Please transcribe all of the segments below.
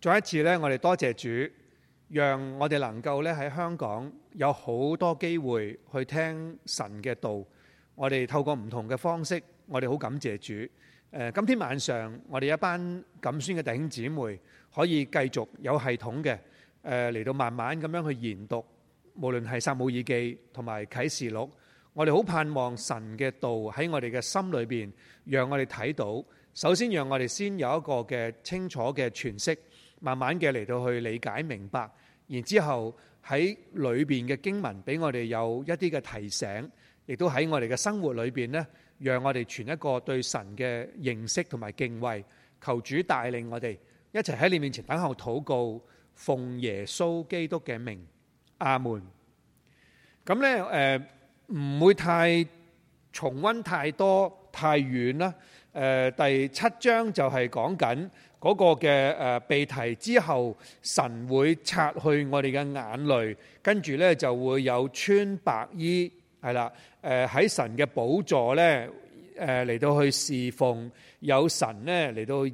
再一次咧，我哋多謝主，讓我哋能夠咧喺香港有好多機會去聽神嘅道。我哋透過唔同嘅方式，我哋好感謝主。今天晚上我哋一班感孫嘅弟兄姊妹可以繼續有系統嘅誒嚟到慢慢咁樣去研讀，無論係撒母耳記同埋啟示錄，我哋好盼望神嘅道喺我哋嘅心裏面，讓我哋睇到。首先，讓我哋先有一個嘅清楚嘅詮釋。慢慢嘅嚟到去理解明白，然之後喺裏邊嘅經文俾我哋有一啲嘅提醒，亦都喺我哋嘅生活裏邊呢，讓我哋存一個對神嘅認識同埋敬畏。求主帶領我哋一齊喺你面前等候禱告，奉耶穌基督嘅名，阿門。咁咧，誒、呃，唔會太重溫太多太遠啦。誒、呃，第七章就係講緊。嗰個嘅，誒被提之後，神會擦去我哋嘅眼淚，跟住呢就會有穿白衣係啦。誒喺神嘅寶座呢，誒嚟到去侍奉，有神呢嚟到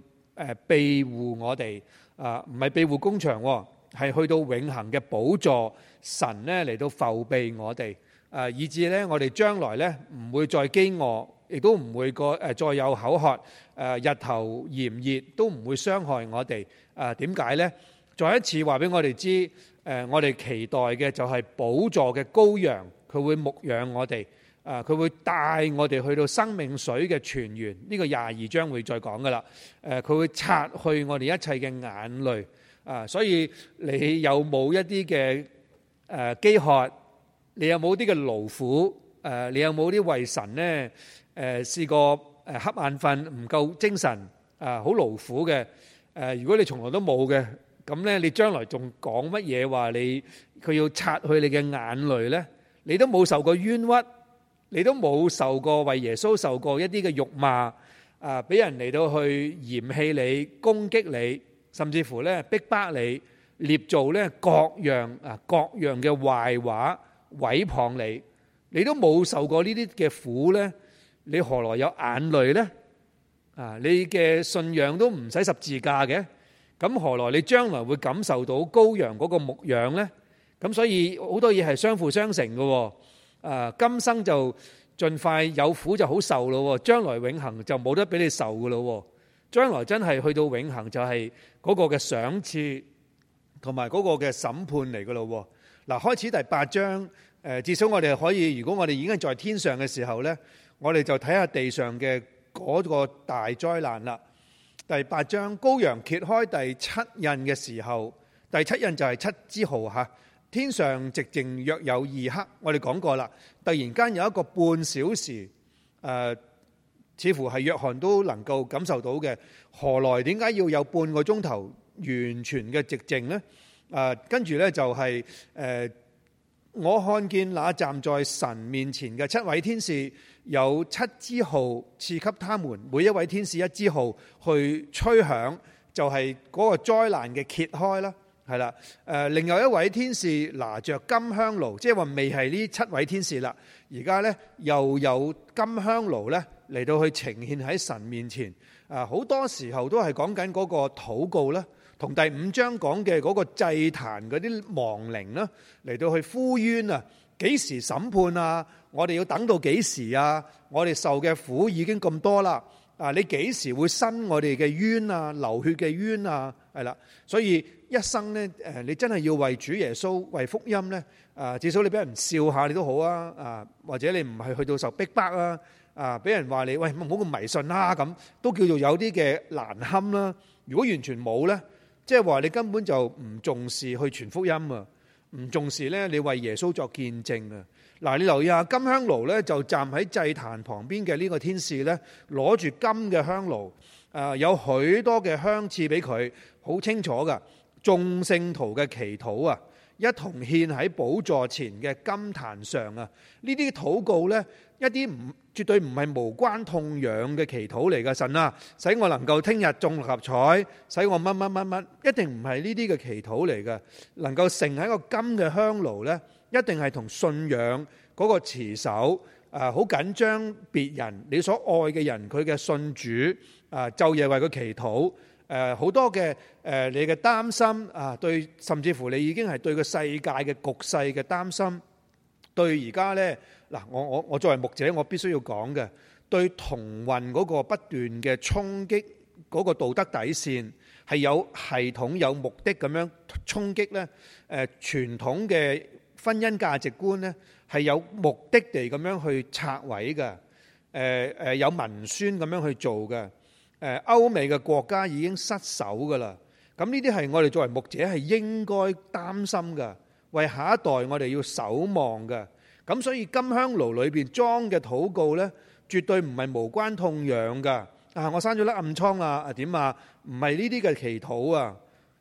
誒庇護我哋。啊，唔係庇護工場，係去到永恆嘅寶座。神呢嚟到覆庇我哋。誒，以至呢我哋將來呢唔會再飢餓，亦都唔會個誒再有口渴。日頭炎熱都唔會傷害我哋。誒、啊，點解呢？再一次話俾我哋知，誒、呃，我哋期待嘅就係寶座嘅羔羊，佢會牧養我哋。誒、啊，佢會帶我哋去到生命水嘅泉源。呢、這個廿二章會再講噶啦。佢、啊、會擦去我哋一切嘅眼淚。啊，所以你有冇一啲嘅誒飢渴？你有冇啲嘅勞苦？啊、你有冇啲為神呢？誒、啊，試過？誒，瞌眼瞓唔夠精神，啊，好勞苦嘅。誒，如果你從來都冇嘅，咁咧你將來仲講乜嘢話？你佢要擦去你嘅眼淚咧？你都冇受過冤屈，你都冇受過為耶穌受過一啲嘅辱罵，啊，俾人嚟到去嫌棄你、攻擊你，甚至乎咧逼迫你、捏造咧各樣啊各樣嘅壞話、誹謗你，你都冇受過呢啲嘅苦咧。你何來有眼淚呢？啊，你嘅信仰都唔使十字架嘅，咁何來你將來會感受到羔羊嗰個牧養呢？咁所以好多嘢係相輔相成嘅。啊，今生就盡快有苦就好受咯，啊，將來永恆就冇得俾你受噶咯，啊。將來真係去到永恆就係嗰個嘅賞賜同埋嗰個嘅審判嚟噶咯。嗱，開始第八章，呃，至少我哋可以，如果我哋已經在天上嘅時候呢。我哋就睇下地上嘅嗰個大災難啦。第八章，羔羊揭開第七印嘅時候，第七印就係七支號吓。天上寂靜約有二刻，我哋講過啦。突然間有一個半小時，誒、呃，似乎係約翰都能夠感受到嘅。何來點解要有半個鐘頭完全嘅寂靜呢？誒、呃，跟住呢，就係、是、誒、呃，我看見那站在神面前嘅七位天使。有七支號賜給他們，每一位天使一支號去吹響，就係嗰個災難嘅揭開啦，係啦。誒，另外一位天使拿着金香爐，即係話未係呢七位天使啦。而家呢，又有金香爐呢嚟到去呈現喺神面前。啊，好多時候都係講緊嗰個禱告啦，同第五章講嘅嗰個祭壇嗰啲亡靈啦，嚟到去呼冤啊，幾時審判啊？我哋要等到幾時啊？我哋受嘅苦已經咁多啦！啊，你幾時會伸我哋嘅冤啊？流血嘅冤啊！係啦，所以一生咧，誒，你真係要為主耶穌為福音咧，啊，至少你俾人笑下你都好啊！啊，或者你唔係去到受逼迫啊！啊，俾人話你喂，唔好咁迷信啦、啊、咁，都叫做有啲嘅難堪啦、啊。如果完全冇咧，即係話你根本就唔重視去傳福音啊，唔重視咧你為耶穌作見證啊。嗱，你留意下金香爐咧，就站喺祭壇旁邊嘅呢個天使咧，攞住金嘅香爐，啊，有許多嘅香賜俾佢，好清楚噶。眾聖徒嘅祈禱啊，一同獻喺寶座前嘅金壇上啊，呢啲禱告咧，一啲唔絕對唔係無關痛癢嘅祈禱嚟噶。神啊，使我能夠聽日中六合彩，使我乜乜乜乜，一定唔係呢啲嘅祈禱嚟噶，能夠盛喺一個金嘅香爐咧。一定係同信仰嗰個持守，誒好緊張別人，你所愛嘅人佢嘅信主，誒、呃、晝夜為佢祈禱，誒、呃、好多嘅誒、呃、你嘅擔心啊，對甚至乎你已經係對個世界嘅局勢嘅擔心，對而家呢，嗱，我我我作為牧者，我必須要講嘅，對同運嗰個不斷嘅衝擊，嗰、嗰個道德底線係有系統有目的咁樣衝擊呢誒傳、呃、統嘅婚姻價值觀咧係有目的地咁樣去拆毀嘅。誒誒，有文宣咁樣去做嘅。誒歐美嘅國家已經失守噶啦。咁呢啲係我哋作為牧者係應該擔心嘅，為下一代我哋要守望嘅。咁所以金香爐裏邊裝嘅禱告咧，絕對唔係無關痛癢噶。啊，我生咗粒暗瘡啊，啊點啊？唔係呢啲嘅祈禱啊，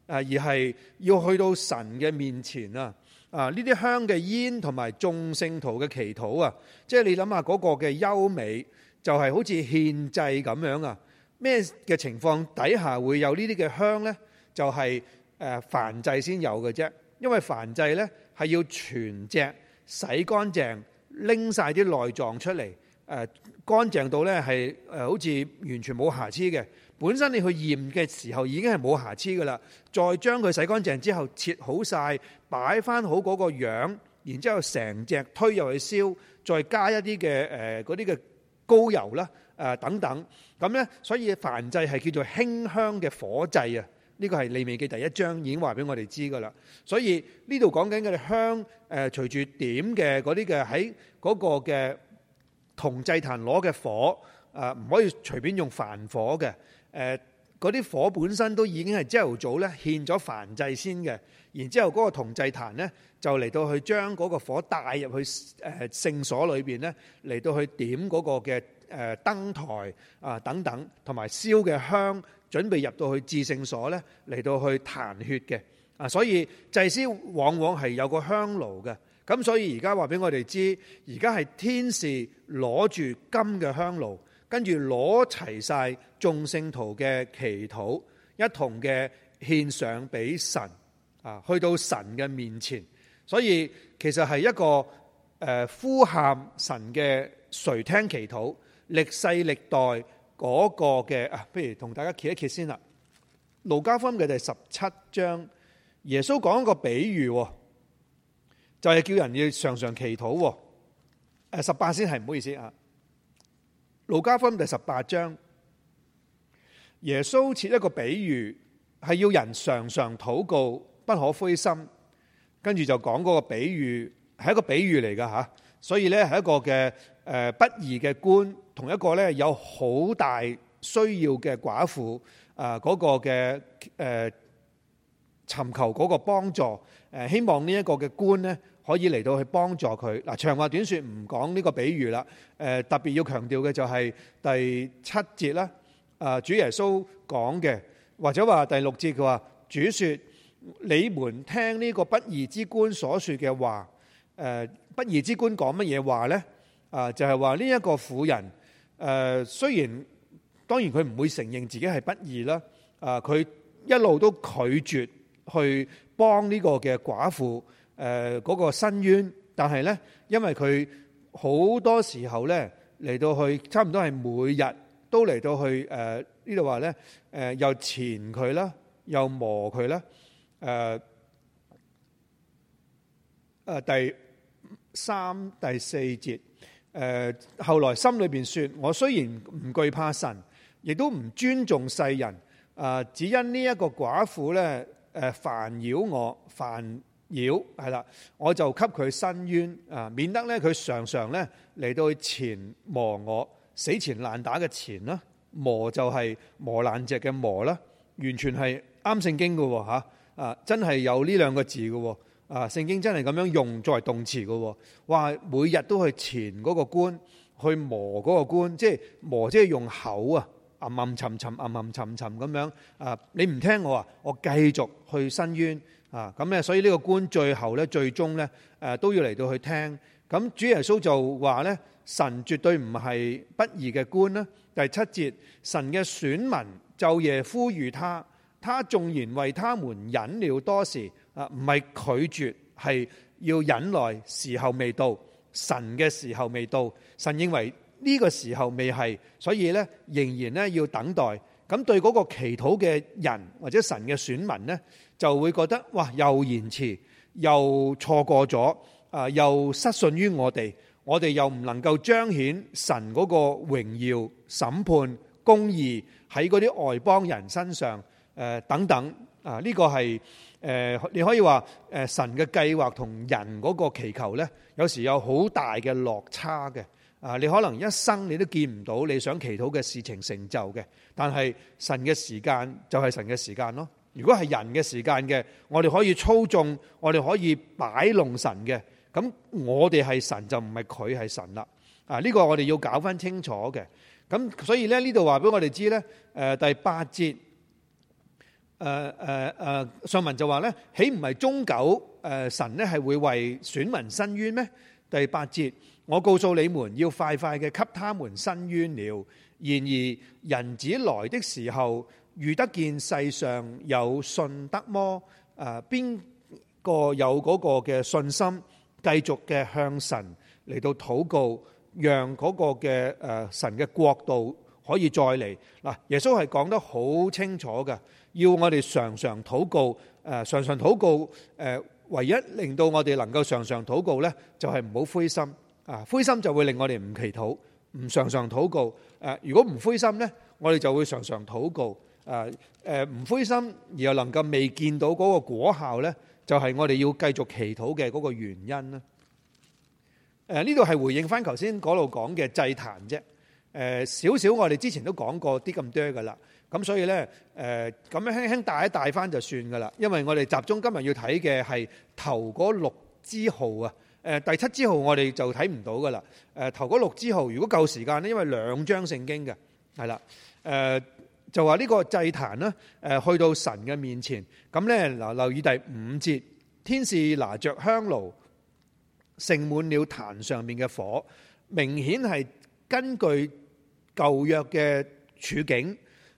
啊而係要去到神嘅面前啊。啊！呢啲香嘅煙同埋眾聖徒嘅祈禱啊，即係你諗下嗰個嘅優美，就係、是、好似獻祭咁樣啊。咩嘅情況底下會有呢啲嘅香呢？就係誒燔祭先有嘅啫，因為燔祭呢係要全隻洗乾淨，拎晒啲內臟出嚟，啊，乾淨到呢係、啊、好似完全冇瑕疵嘅。本身你去驗嘅時候已經係冇瑕疵噶啦，再將佢洗乾淨之後，切好晒，擺翻好嗰個樣，然之後成隻推入去燒，再加一啲嘅誒啲嘅膏油啦，誒、呃、等等，咁呢，所以燔祭係叫做馨香嘅火祭啊！呢、這個係利未記第一章已經話俾我哋知噶啦，所以呢度講緊嘅香誒、呃，隨住點嘅嗰啲嘅喺嗰個嘅銅祭壇攞嘅火，誒、呃、唔可以隨便用凡火嘅。誒嗰啲火本身都已經係朝頭早咧獻咗燔祭先嘅，然之後嗰個銅祭壇咧就嚟到去將嗰個火帶入去誒聖、呃、所裏面呢，咧，嚟到去點嗰個嘅燈、呃、台啊、呃、等等，同埋燒嘅香，準備入到去至聖所咧嚟到去彈血嘅啊，所以祭司往往係有個香爐嘅，咁所以而家話俾我哋知，而家係天使攞住金嘅香爐。跟住攞齊晒眾聖徒嘅祈禱，一同嘅獻上俾神啊，去到神嘅面前。所以其實係一個誒、呃、呼喊神嘅垂聽祈禱，歷世歷代嗰個嘅啊，不如同大家揭一揭先啦。路加福音嘅第十七章，耶穌講一個比喻，就係、是、叫人要常常祈禱。誒、啊，十八先係唔好意思啊。路加福音第十八章，耶穌設一個比喻，係要人常常禱告，不可灰心。跟住就講嗰個比喻，係一個比喻嚟噶吓，所以咧係一個嘅誒、呃，不義嘅官，同一個咧有好大需要嘅寡婦啊，嗰個嘅誒尋求嗰個幫助誒、呃，希望這個官呢一個嘅官咧。可以嚟到去幫助佢嗱，長話短説唔講呢個比喻啦。誒、呃，特別要強調嘅就係第七節啦。誒、呃，主耶穌講嘅或者話第六節佢話：主説你們聽呢個不義之官所説嘅話。誒、呃，不義之官講乜嘢話呢？啊、呃，就係話呢一個婦人誒、呃，雖然當然佢唔會承認自己係不義啦。啊、呃，佢一路都拒絕去幫呢個嘅寡婦。誒嗰、呃那個伸冤，但係咧，因為佢好多時候咧嚟到去，差唔多係每日都嚟到去誒、呃、呢度話咧，誒、呃、又纏佢啦，又磨佢啦，誒、呃、誒、啊、第三第四節，誒、呃、後來心裏邊説：我雖然唔懼怕神，亦都唔尊重世人，啊、呃，只因呢一個寡婦咧，誒、呃、煩擾我，煩。妖係啦，我就給佢申冤啊，免得咧佢常常咧嚟到去纏磨我，死纏爛打嘅纏啦，磨就係磨爛隻嘅磨啦，完全係啱聖經嘅喎啊，真係有呢兩個字嘅喎啊，聖經真係咁樣用作為動詞嘅喎，哇，每日都去纏嗰個官，去磨嗰個官，即係磨即係用口啊，吟吟沉沉，吟吟沉沉咁樣啊，你唔聽我啊，我繼續去申冤。啊，咁咧，所以呢個官最後咧，最終咧，誒、啊，都要嚟到去聽。咁主耶穌就話咧，神絕對唔係不義嘅官啦。第七節，神嘅選民晝夜呼籲他，他縱然為他們忍了多時，啊，唔係拒絕，係要忍耐，時候未到，神嘅時候未到，神認為呢個時候未係，所以咧仍然咧要等待。咁對嗰個祈禱嘅人或者神嘅選民呢。就會覺得哇，又延遲，又錯過咗，啊，又失信於我哋，我哋又唔能夠彰顯神嗰個榮耀、審判、公義喺嗰啲外邦人身上，呃、等等，啊，呢個係、呃、你可以話、呃、神嘅計劃同人嗰個祈求呢，有時有好大嘅落差嘅，啊，你可能一生你都見唔到你想祈禱嘅事情成就嘅，但係神嘅時間就係神嘅時間咯。如果係人嘅時間嘅，我哋可以操縱，我哋可以擺弄神嘅，咁我哋係神就唔係佢係神啦。啊，呢個我哋要搞翻清楚嘅。咁所以咧，呢度話俾我哋知咧，誒、呃、第八節，誒誒誒，上文就話咧，豈唔係終久誒神咧係會為選民申冤咩？第八節，我告訴你們，要快快嘅給他們申冤了。然而人子來的時候。遇得見世上有信德麼？啊，邊個有嗰個嘅信心，繼續嘅向神嚟到禱告，讓嗰個嘅誒神嘅國度可以再嚟嗱。耶穌係講得好清楚㗎，要我哋常常禱告，誒常常禱告。誒，唯一令到我哋能夠常常禱告咧，就係唔好灰心啊！灰心就會令我哋唔祈禱，唔常常禱告。誒，如果唔灰心咧，我哋就會常常禱告。啊！誒、呃、唔灰心，而又能夠未見到嗰個果效咧，就係、是、我哋要繼續祈禱嘅嗰個原因啦。誒，呢度係回應翻頭先嗰度講嘅祭壇啫。誒少少，小小我哋之前都講過啲咁多噶啦。咁所以咧，誒、啊、咁樣輕輕帶一帶翻就算噶啦。因為我哋集中今日要睇嘅係頭嗰六支號啊。誒，第七支號我哋就睇唔到噶啦。誒、啊、頭嗰六支號，如果夠時間呢，因為兩章聖經嘅，係啦，誒、啊。就話呢個祭壇呢誒，去到神嘅面前咁呢嗱，留意第五節，天使拿着香爐盛滿了壇上面嘅火，明顯係根據舊約嘅處境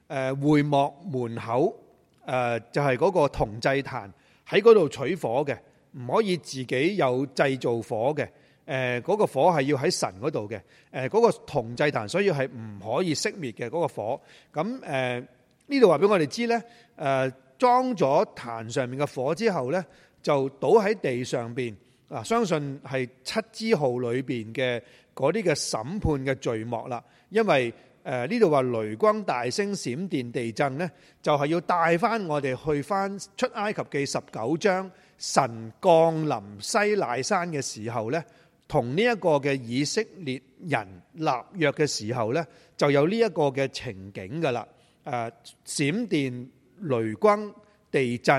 誒，會幕門口誒，就係嗰個銅祭壇喺嗰度取火嘅，唔可以自己有製造火嘅。誒嗰、呃那個火係要喺神嗰度嘅，嗰、呃那個銅祭壇所以係唔可以熄滅嘅嗰、那個火。咁誒呢度話俾我哋知呢誒、呃、裝咗壇上面嘅火之後呢，就倒喺地上面。啊！相信係七支號裏面嘅嗰啲嘅審判嘅序幕啦。因為誒呢度話雷光、大聲、閃電、地震呢，就係、是、要帶翻我哋去翻出埃及記十九章，神降臨西奈山嘅時候呢。同呢一個嘅以色列人立約嘅時候呢，就有呢一個嘅情景噶啦。誒，閃電、雷光、地震，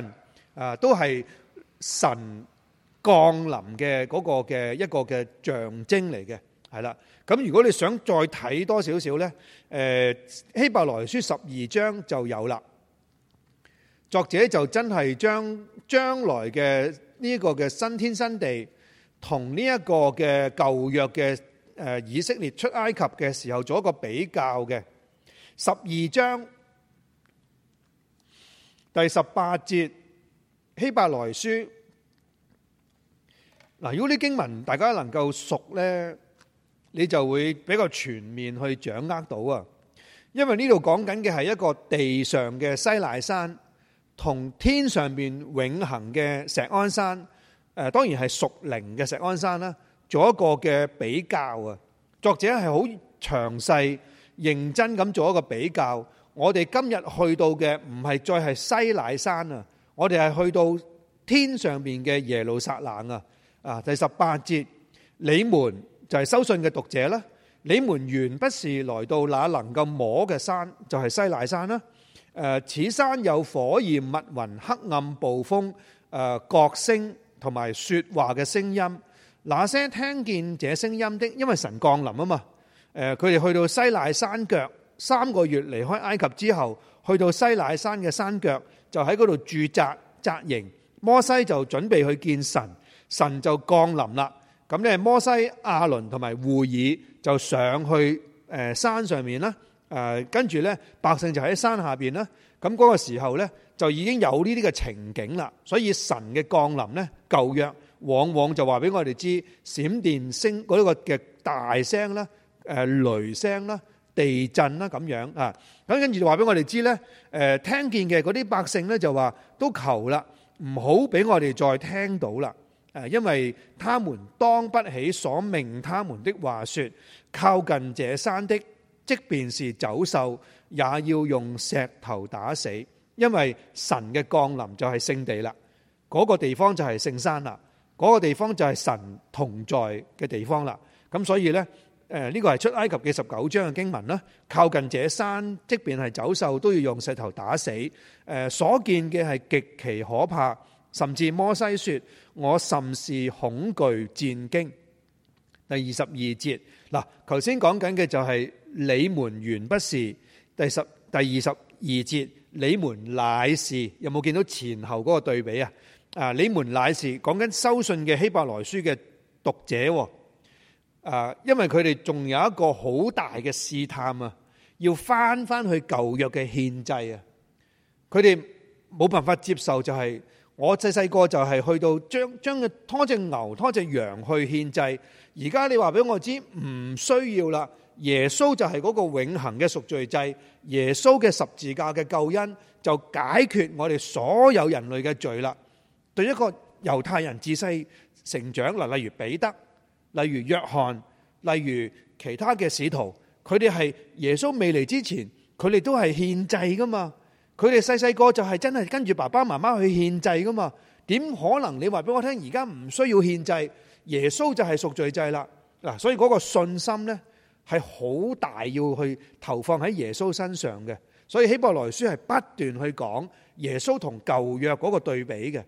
誒，都係神降臨嘅嗰個嘅一個嘅象徵嚟嘅，係啦。咁如果你想再睇多少少呢，誒，《希伯來書》十二章就有啦。作者就真係將將來嘅呢個嘅新天新地。同呢一個嘅舊約嘅誒以色列出埃及嘅時候做一個比較嘅，十二章第十八節希伯來書。嗱，如果啲經文大家能夠熟呢，你就會比較全面去掌握到啊。因為呢度講緊嘅係一個地上嘅西奈山同天上邊永恆嘅錫安山。誒當然係屬靈嘅石安山啦，做一個嘅比較啊。作者係好詳細、認真咁做一個比較。我哋今日去到嘅唔係再係西乃山啊，我哋係去到天上面嘅耶路撒冷啊。啊，第十八節，你們就係收信嘅讀者啦。你們原不是來到那能夠摸嘅山，就係西乃山啦。誒，此山有火焰、密雲、黑暗、暴風、誒角聲，同埋説話嘅聲音，那些聽見這聲音的，因為神降臨啊嘛。誒，佢哋去到西乃山腳三個月，離開埃及之後，去到西乃山嘅山腳，就喺嗰度駐紮紮營。摩西就準備去見神，神就降臨啦。咁咧，摩西、亞倫同埋戶珥就上去誒山上面啦。誒，跟住咧，百姓就喺山下邊啦。咁嗰個時候咧。就已經有呢啲嘅情景啦，所以神嘅降臨呢，舊約往往就話俾我哋知閃電聲嗰個嘅大聲啦，誒雷聲啦、地震啦咁樣啊。咁跟住就話俾我哋知呢，誒聽見嘅嗰啲百姓呢，就話都求啦，唔好俾我哋再聽到啦，誒，因為他們當不起所命他們的話説，靠近這山的，即便是走獸，也要用石頭打死。因為神嘅降臨就係聖地啦，嗰、那個地方就係聖山啦，嗰、那個地方就係神同在嘅地方啦。咁所以呢，誒、呃、呢、這個係出埃及嘅十九章嘅經文啦。靠近這山，即便係走獸，都要用石頭打死。誒、呃、所見嘅係極其可怕，甚至摩西說：我甚是恐懼戰驚。第二十二節，嗱，頭先講緊嘅就係你們原不是第十第二十二節。你們乃是，有冇見到前後嗰個對比啊？啊，你們乃是講緊收信嘅希伯來書嘅讀者，啊，因為佢哋仲有一個好大嘅試探啊，要翻翻去舊約嘅獻祭啊，佢哋冇辦法接受、就是，就係我細細個就係去到將將佢拖隻牛拖隻羊去獻祭。而家你話俾我知唔需要啦。耶穌就係嗰個永恒嘅贖罪祭。耶穌嘅十字架嘅救恩就解決我哋所有人類嘅罪啦。對一個猶太人自細成長嗱，例如彼得，例如約翰，例如其他嘅使徒，佢哋係耶穌未嚟之前，佢哋都係獻祭噶嘛。佢哋細細個就係真係跟住爸爸媽媽去獻祭噶嘛。點可能你話俾我聽而家唔需要獻祭，耶穌就係贖罪祭啦。嗱，所以嗰個信心呢。係好大要去投放喺耶穌身上嘅，所以希伯來書係不斷去講耶穌同舊約嗰個對比嘅。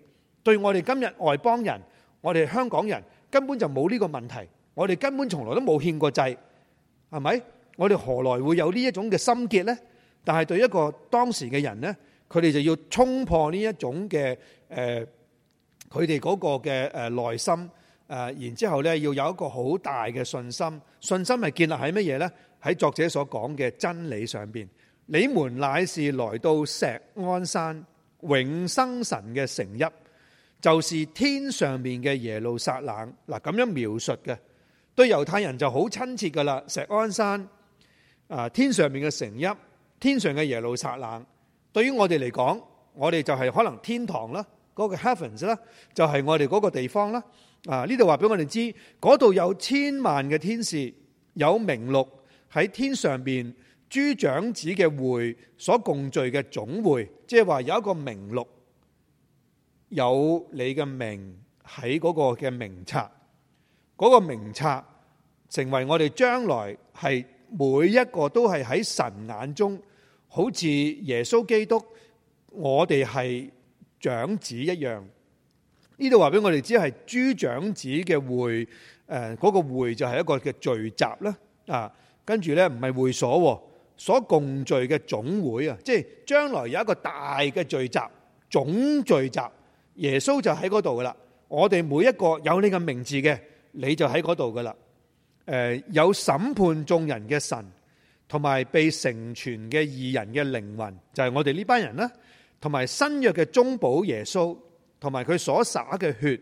對我哋今日外邦人，我哋香港人根本就冇呢個問題，我哋根本從來都冇欠過債，係咪？我哋何來會有呢一種嘅心結呢？但係對一個當時嘅人呢，佢哋就要衝破呢一種嘅誒，佢哋嗰個嘅誒內心。誒，然之後咧，要有一個好大嘅信心，信心係建立喺乜嘢呢？喺作者所講嘅真理上面。你們乃是來到錫安山永生神嘅城邑，就是天上面嘅耶路撒冷。嗱，咁樣描述嘅對猶太人就好親切噶啦。錫安山，啊，天上面嘅城邑，天上嘅耶路撒冷，對於我哋嚟講，我哋就係可能天堂啦，嗰個 heavens 啦，就係我哋嗰個地方啦。啊！呢度話俾我哋知，嗰度有千萬嘅天使，有名錄，喺天上邊，諸長子嘅會所共聚嘅總會，即係話有一個名錄，有你嘅名喺嗰個嘅名冊，嗰個名冊成為我哋將來係每一個都係喺神眼中，好似耶穌基督，我哋係長子一樣。呢度話俾我哋知係諸長子嘅會，誒嗰個會就係一個嘅聚集啦，啊，跟住咧唔係會所，啊，所共聚嘅總會啊，即係將來有一個大嘅聚集，總聚集，耶穌就喺嗰度噶啦。我哋每一個有呢個名字嘅，你就喺嗰度噶啦。誒、呃，有審判眾人嘅神，同埋被成全嘅義人嘅靈魂，就係、是、我哋呢班人啦，同埋新約嘅中保耶穌。同埋佢所灑嘅血，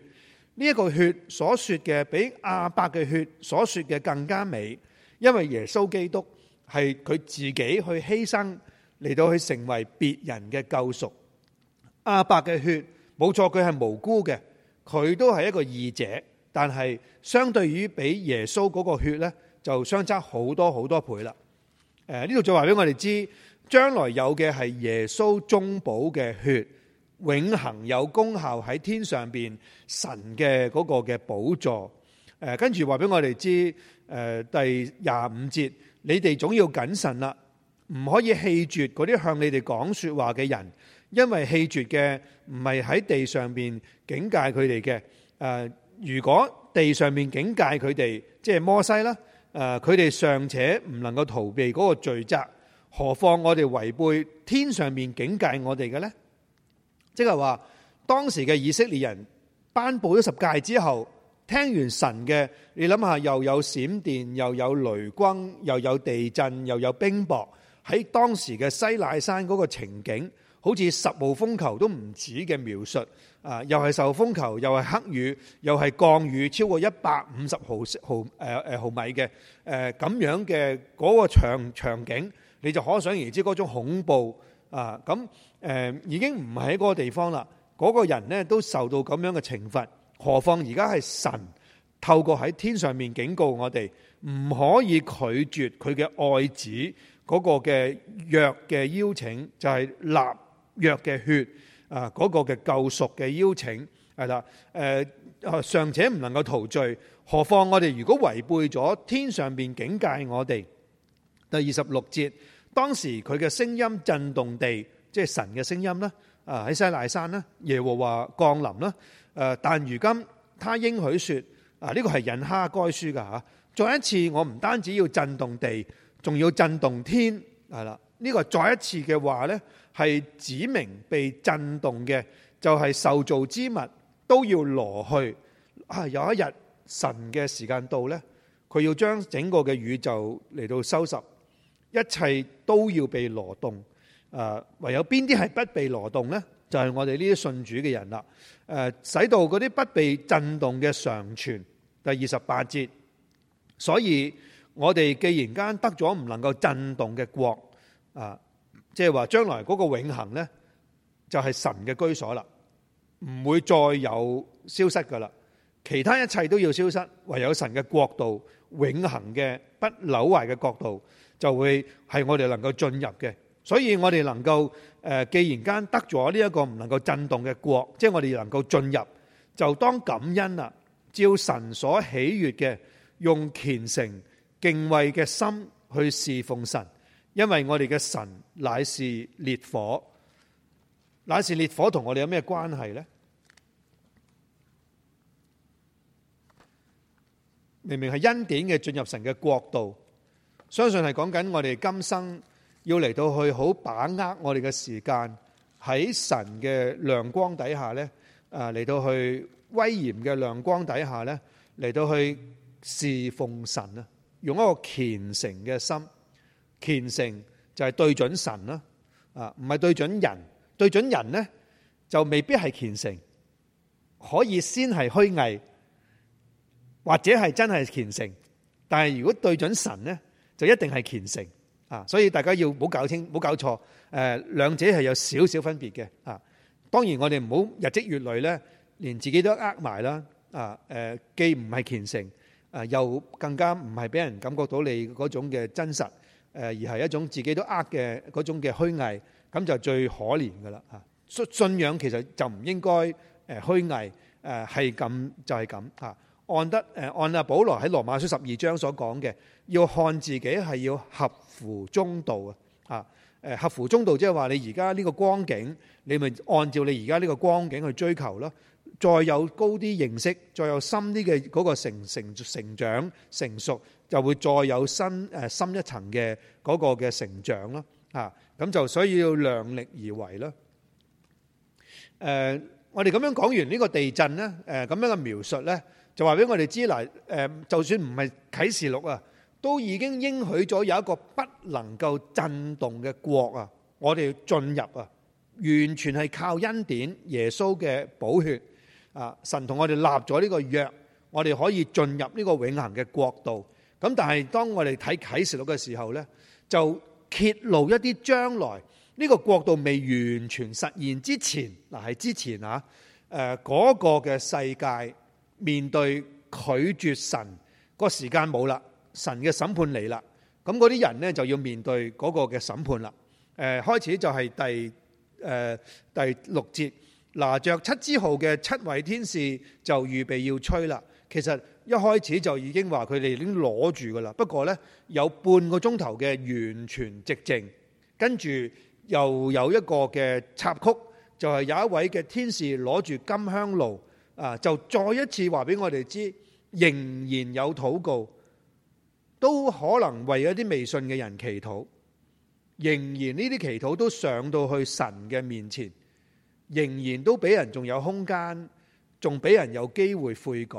呢一個血所說嘅比亞伯嘅血所說嘅更加美，因為耶穌基督係佢自己去犧牲嚟到去成為別人嘅救贖。亞伯嘅血冇錯，佢係無辜嘅，佢都係一個義者，但係相對於比耶穌嗰個血呢，就相差好多好多倍啦。誒，呢度再話俾我哋知，將來有嘅係耶穌中保嘅血。永恆有功效，喺天上邊神嘅嗰個嘅寶座。誒、呃，跟住話俾我哋知，誒、呃，第廿五節，你哋總要謹慎啦，唔可以棄絕嗰啲向你哋講說話嘅人，因為棄絕嘅唔係喺地上邊警戒佢哋嘅，誒、呃，如果地上面警戒佢哋，即係摩西啦，誒、呃，佢哋尚且唔能夠逃避嗰個罪責，何況我哋違背天上面警戒我哋嘅咧？即係話，當時嘅以色列人頒布咗十誡之後，聽完神嘅，你諗下又有閃電，又有雷光，又有地震，又有冰雹，喺當時嘅西奈山嗰個情景，好似十號風球都唔止嘅描述啊！又係受風球，又係黑雨，又係降雨超過一百五十毫毫誒誒毫米嘅誒咁樣嘅嗰個場場景，你就可想而知嗰種恐怖。啊，咁、嗯、誒，已經唔喺嗰個地方啦。嗰、嗰個人呢都受到咁樣嘅懲罰，何況而家係神透過喺天上面警告我哋，唔可以拒絕佢嘅愛子嗰、嗰個嘅約嘅邀請，就係立約嘅血啊，嗰、嗰個嘅救贖嘅邀請係啦。誒，尚且唔能夠逃罪，何況我哋如果違背咗天上面警戒我哋，第二十六節。當時佢嘅聲音震動地，即係神嘅聲音啦，啊喺西奈山啦，耶和華降臨啦，誒但如今他應許說，啊、這、呢個係引哈該書嘅㗎，再一次我唔單止要震動地，仲要震動天，係啦，呢、這個再一次嘅話呢，係指明被震動嘅就係、是、受造之物都要挪去，啊有一日神嘅時間到呢，佢要將整個嘅宇宙嚟到收拾。一切都要被挪動，啊，唯有邊啲係不被挪動呢？就係、是、我哋呢啲信主嘅人啦。誒，使到嗰啲不被震動嘅常存，第二十八節。所以我哋既然間得咗唔能夠震動嘅國，啊，即係話將來嗰個永恆呢，就係神嘅居所啦，唔會再有消失噶啦。其他一切都要消失，唯有神嘅國度永恆嘅不朽壞嘅國度。就會係我哋能夠進入嘅，所以我哋能夠誒，既然間得咗呢一個唔能夠震動嘅國，即係我哋能夠進入，就當感恩啦。照神所喜悦嘅，用虔誠敬畏嘅心去侍奉神，因為我哋嘅神乃是烈火，乃是烈火，同我哋有咩關係呢？明明係恩典嘅進入神嘅國度。相信係講緊我哋今生要嚟到去好把握我哋嘅時間，喺神嘅亮光底下咧，啊嚟到去威嚴嘅亮光底下咧，嚟到去侍奉神啊，用一個虔誠嘅心，虔誠就係對準神啦，啊唔係對準人，對準人咧就未必係虔誠，可以先係虛偽，或者係真係虔誠，但係如果對準神咧，就一定係虔誠啊，所以大家要唔好搞清唔好搞錯，誒兩者係有少少分別嘅啊。當然我哋唔好日積月累咧，連自己都呃埋啦啊誒，既唔係虔誠啊，又更加唔係俾人感覺到你嗰種嘅真實誒，而係一種自己都呃嘅嗰種嘅虛偽，咁就最可憐噶啦嚇。信信仰其實就唔應該誒虛偽誒係咁就係咁嚇。按得誒，按阿保羅喺羅馬書十二章所講嘅，要看自己係要合乎中道啊！啊誒，合乎中道即係話你而家呢個光景，你咪按照你而家呢個光景去追求咯。再有高啲認識，再有深啲嘅嗰個成成成長成熟，就會再有深誒、啊、深一層嘅嗰個嘅成長咯。啊，咁就所以要量力而為咯。誒、啊，我哋咁樣講完呢個地震呢，誒、啊、咁樣嘅描述呢。就話俾我哋知啦，誒，就算唔係啟示錄啊，都已經應許咗有一個不能夠震動嘅國啊，我哋要進入啊，完全係靠恩典耶穌嘅寶血啊，神同我哋立咗呢個約，我哋可以進入呢個永恆嘅國度。咁但係當我哋睇啟示錄嘅時候呢，就揭露一啲將來呢、呢個國度未完全實現之前，嗱係之前啊，誒、那、嗰個嘅世界。面對拒絕神、那個時間冇啦，神嘅審判嚟啦，咁嗰啲人呢，就要面對嗰個嘅審判啦。誒、呃，開始就係第誒、呃、第六節，拿着七支號嘅七位天使就預備要吹啦。其實一開始就已經話佢哋已經攞住噶啦，不過呢，有半個鐘頭嘅完全寂靜，跟住又有一個嘅插曲，就係、是、有一位嘅天使攞住金香爐。啊！就再一次話俾我哋知，仍然有禱告，都可能為一啲未信嘅人祈禱，仍然呢啲祈禱都上到去神嘅面前，仍然都俾人仲有空間，仲俾人有機會悔改。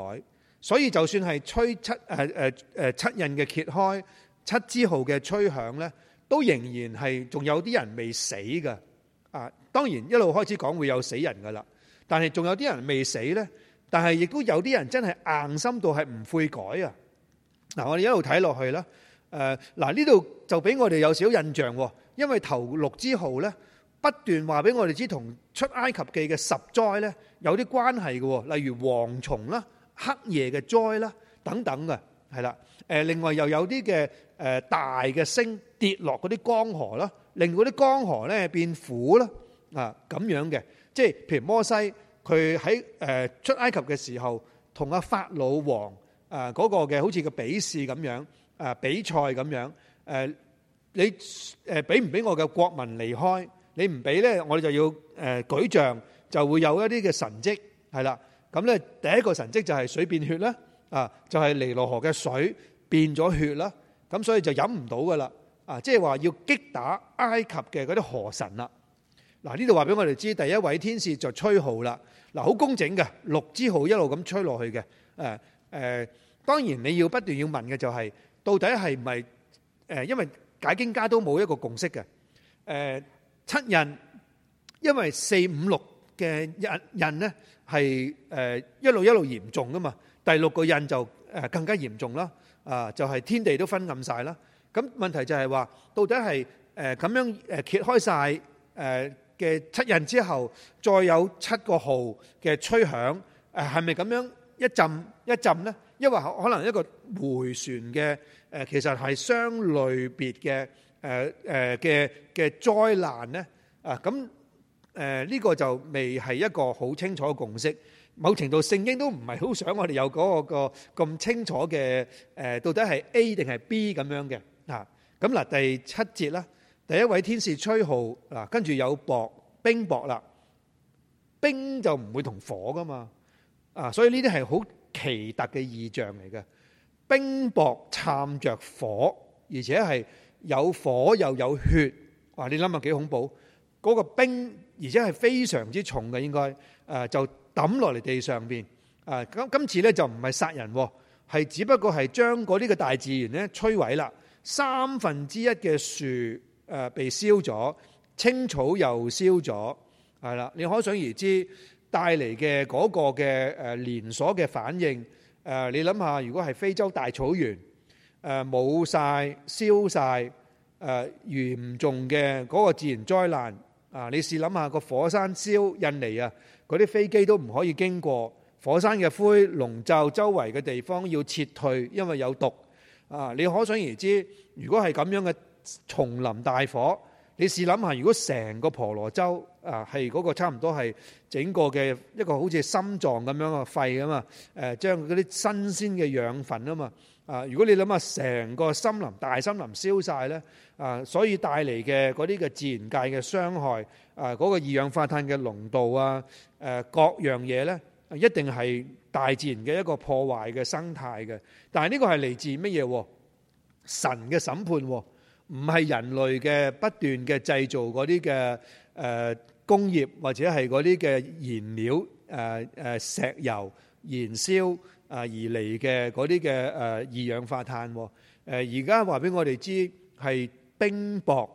所以就算係七誒誒、呃呃、七印嘅揭開，七之號嘅吹響呢，都仍然係仲有啲人未死㗎。啊，當然一路開始講會有死人噶啦。但係仲有啲人未死咧，但係亦都有啲人真係硬心到係唔悔改啊！嗱，我哋一路睇落去啦，誒嗱呢度就俾我哋有少印象喎，因為頭六之後咧，不斷話俾我哋知同出埃及記嘅十災咧有啲關係嘅，例如蝗蟲啦、黑夜嘅災啦等等嘅，係啦，誒另外又有啲嘅誒大嘅星跌落嗰啲江河啦，令嗰啲江河咧變苦啦啊咁樣嘅。即係譬如摩西，佢喺誒出埃及嘅時候，同阿法老王誒嗰個嘅好似個比試咁樣誒比賽咁樣，誒你誒俾唔俾我嘅國民離開？你唔俾咧，我哋就要誒舉杖，就會有一啲嘅神跡係啦。咁咧第一個神跡就係水變血啦，啊就係尼羅河嘅水變咗血啦。咁所以就飲唔到噶啦，啊即係話要擊打埃及嘅嗰啲河神啦。嗱，呢度話俾我哋知，第一位天使就吹號啦。嗱，好工整嘅六支號一路咁吹落去嘅。誒誒，當然你要不斷要問嘅就係，到底係唔係誒？因為解經家都冇一個共識嘅。誒，七印，因為四五六嘅印印呢係誒一路一路嚴重噶嘛。第六個印就誒更加嚴重啦。啊，就係天地都昏暗曬啦。咁問題就係話，到底係誒咁樣誒揭開曬誒？嘅七印之後，再有七個號嘅吹響，誒係咪咁樣一陣一陣呢？因為可能一個迴旋嘅誒、呃，其實係相類別嘅誒誒嘅嘅災難呢。啊、呃，咁誒呢個就未係一個好清楚嘅共識。某程度聖經都唔係好想我哋有嗰、嗰個咁清楚嘅誒、呃，到底係 A 定係 B 咁樣嘅啊？咁嗱，第七節啦。第一位天使吹號，跟住有薄冰薄啦，冰就唔會同火噶嘛，啊，所以呢啲係好奇特嘅意象嚟嘅，冰雹參着火，而且係有火又有血，哇！你諗下幾恐怖，嗰、那個冰而且係非常之重嘅，應該誒就抌落嚟地上邊，誒今今次咧，就唔係殺人，係只不過係將嗰啲嘅大自然咧摧毀啦，三分之一嘅樹。被燒咗，青草又燒咗，係啦。你可想而知帶嚟嘅嗰個嘅誒連鎖嘅反應。誒，你諗下，如果係非洲大草原，誒冇晒、燒晒誒嚴重嘅嗰個自然災難。啊，你試諗下個火山燒印尼啊，嗰啲飛機都唔可以經過火山嘅灰籠罩，周圍嘅地方要撤退，因為有毒。啊，你可想而知，如果係咁樣嘅。叢林大火，你試諗下，如果成個婆羅洲啊係嗰個差唔多係整個嘅一個好似心臟咁樣嘅肺啊嘛，誒將嗰啲新鮮嘅養分啊嘛，啊如果你諗下成個森林大森林燒晒呢，啊所以帶嚟嘅嗰啲嘅自然界嘅傷害啊，嗰個二氧化碳嘅濃度啊，誒各樣嘢呢，一定係大自然嘅一個破壞嘅生態嘅。但係呢個係嚟自乜嘢？神嘅審判。唔係人類嘅不斷嘅製造嗰啲嘅誒工業，或者係嗰啲嘅燃料，誒誒石油燃燒啊而嚟嘅嗰啲嘅誒二氧化碳喎，誒而家話俾我哋知係冰薄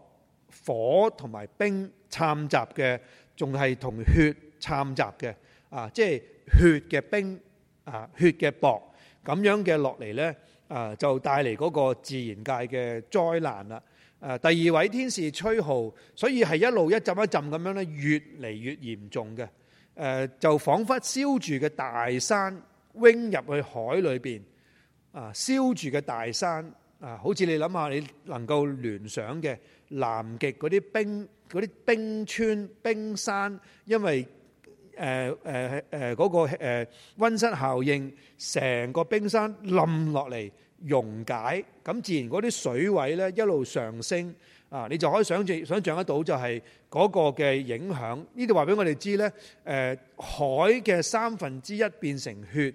雹火，同埋冰攙雜嘅，仲係同血攙雜嘅啊！即係血嘅冰啊，血嘅雹咁樣嘅落嚟咧。啊，就帶嚟嗰個自然界嘅災難啦！誒、啊，第二位天使吹號，所以係一路一浸一浸咁樣咧，越嚟越嚴重嘅。誒、啊，就彷彿燒住嘅大山扔入去海裏邊，啊，燒住嘅大山啊，好似你諗下你能夠聯想嘅南極嗰啲冰、嗰啲冰川、冰山，因為，誒誒誒嗰個誒溫室效應，成個冰山冧落嚟溶解，咁自然嗰啲水位咧一路上升啊、呃！你就可以想像想像得到就，就係嗰個嘅影響。呢度話俾我哋知咧，誒海嘅三分之一變成血，誒、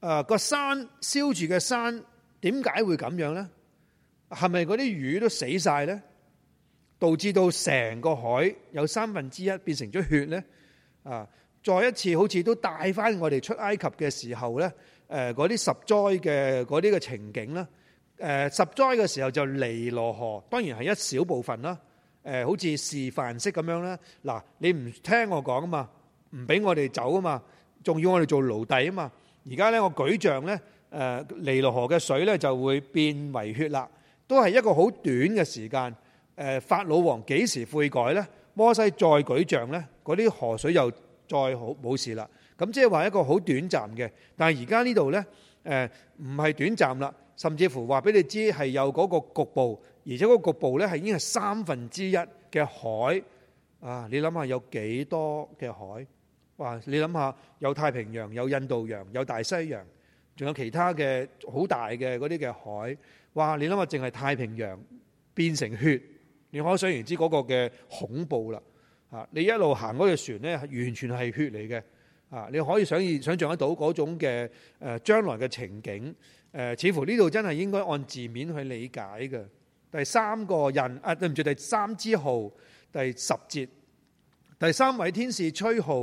呃、個山燒住嘅山點解會咁樣咧？係咪嗰啲魚都死晒咧？導致到成個海有三分之一變成咗血咧，啊！再一次好似都帶翻我哋出埃及嘅時候咧，誒嗰啲十災嘅嗰啲嘅情景啦，誒十災嘅時候就尼羅河，當然係一小部分啦。誒好似示範式咁樣咧，嗱你唔聽我講啊嘛，唔俾我哋走啊嘛，仲要我哋做奴隸啊嘛。而家咧我舉杖咧，誒尼羅河嘅水咧就會變為血啦，都係一個好短嘅時間。誒，法老王幾時悔改呢？摩西再舉杖呢，嗰啲河水又再好冇事啦。咁即係話一個好短暫嘅。但係而家呢度呢，誒唔係短暫啦，甚至乎話俾你知係有嗰個局部，而且嗰個局部呢係已經係三分之一嘅海。啊，你諗下有幾多嘅海？哇！你諗下有太平洋、有印度洋、有大西洋，仲有其他嘅好大嘅嗰啲嘅海。哇！你諗下淨係太平洋變成血。你可以想而知嗰個嘅恐怖啦，啊！你一路行嗰隻船咧，完全係血嚟嘅，啊！你可以想象、想象得到嗰種嘅誒將來嘅情景，誒、呃，似乎呢度真係應該按字面去理解嘅。第三個人，啊，對唔住第三支號第十節，第三位天使吹號，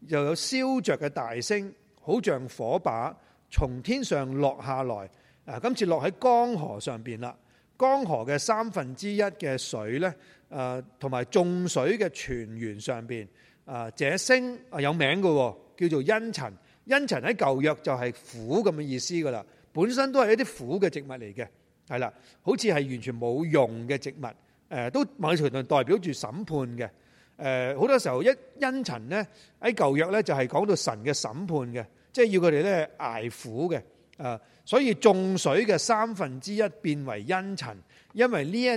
又有燒着嘅大星，好像火把從天上落下，下來，啊！今次落喺江河上邊啦。江河嘅三分之一嘅水呢，誒同埋眾水嘅泉源上邊，誒、呃、這星誒有名嘅，叫做茵陳。茵陳喺舊約就係苦咁嘅意思噶啦，本身都係一啲苦嘅植物嚟嘅，係啦，好似係完全冇用嘅植物，誒、呃、都某程度代表住審判嘅，誒、呃、好多時候一茵陳咧喺舊約呢，就係、是、講到神嘅審判嘅，即、就、係、是、要佢哋呢捱苦嘅。啊！所以眾水嘅三分之一變為茵蔯，因為呢一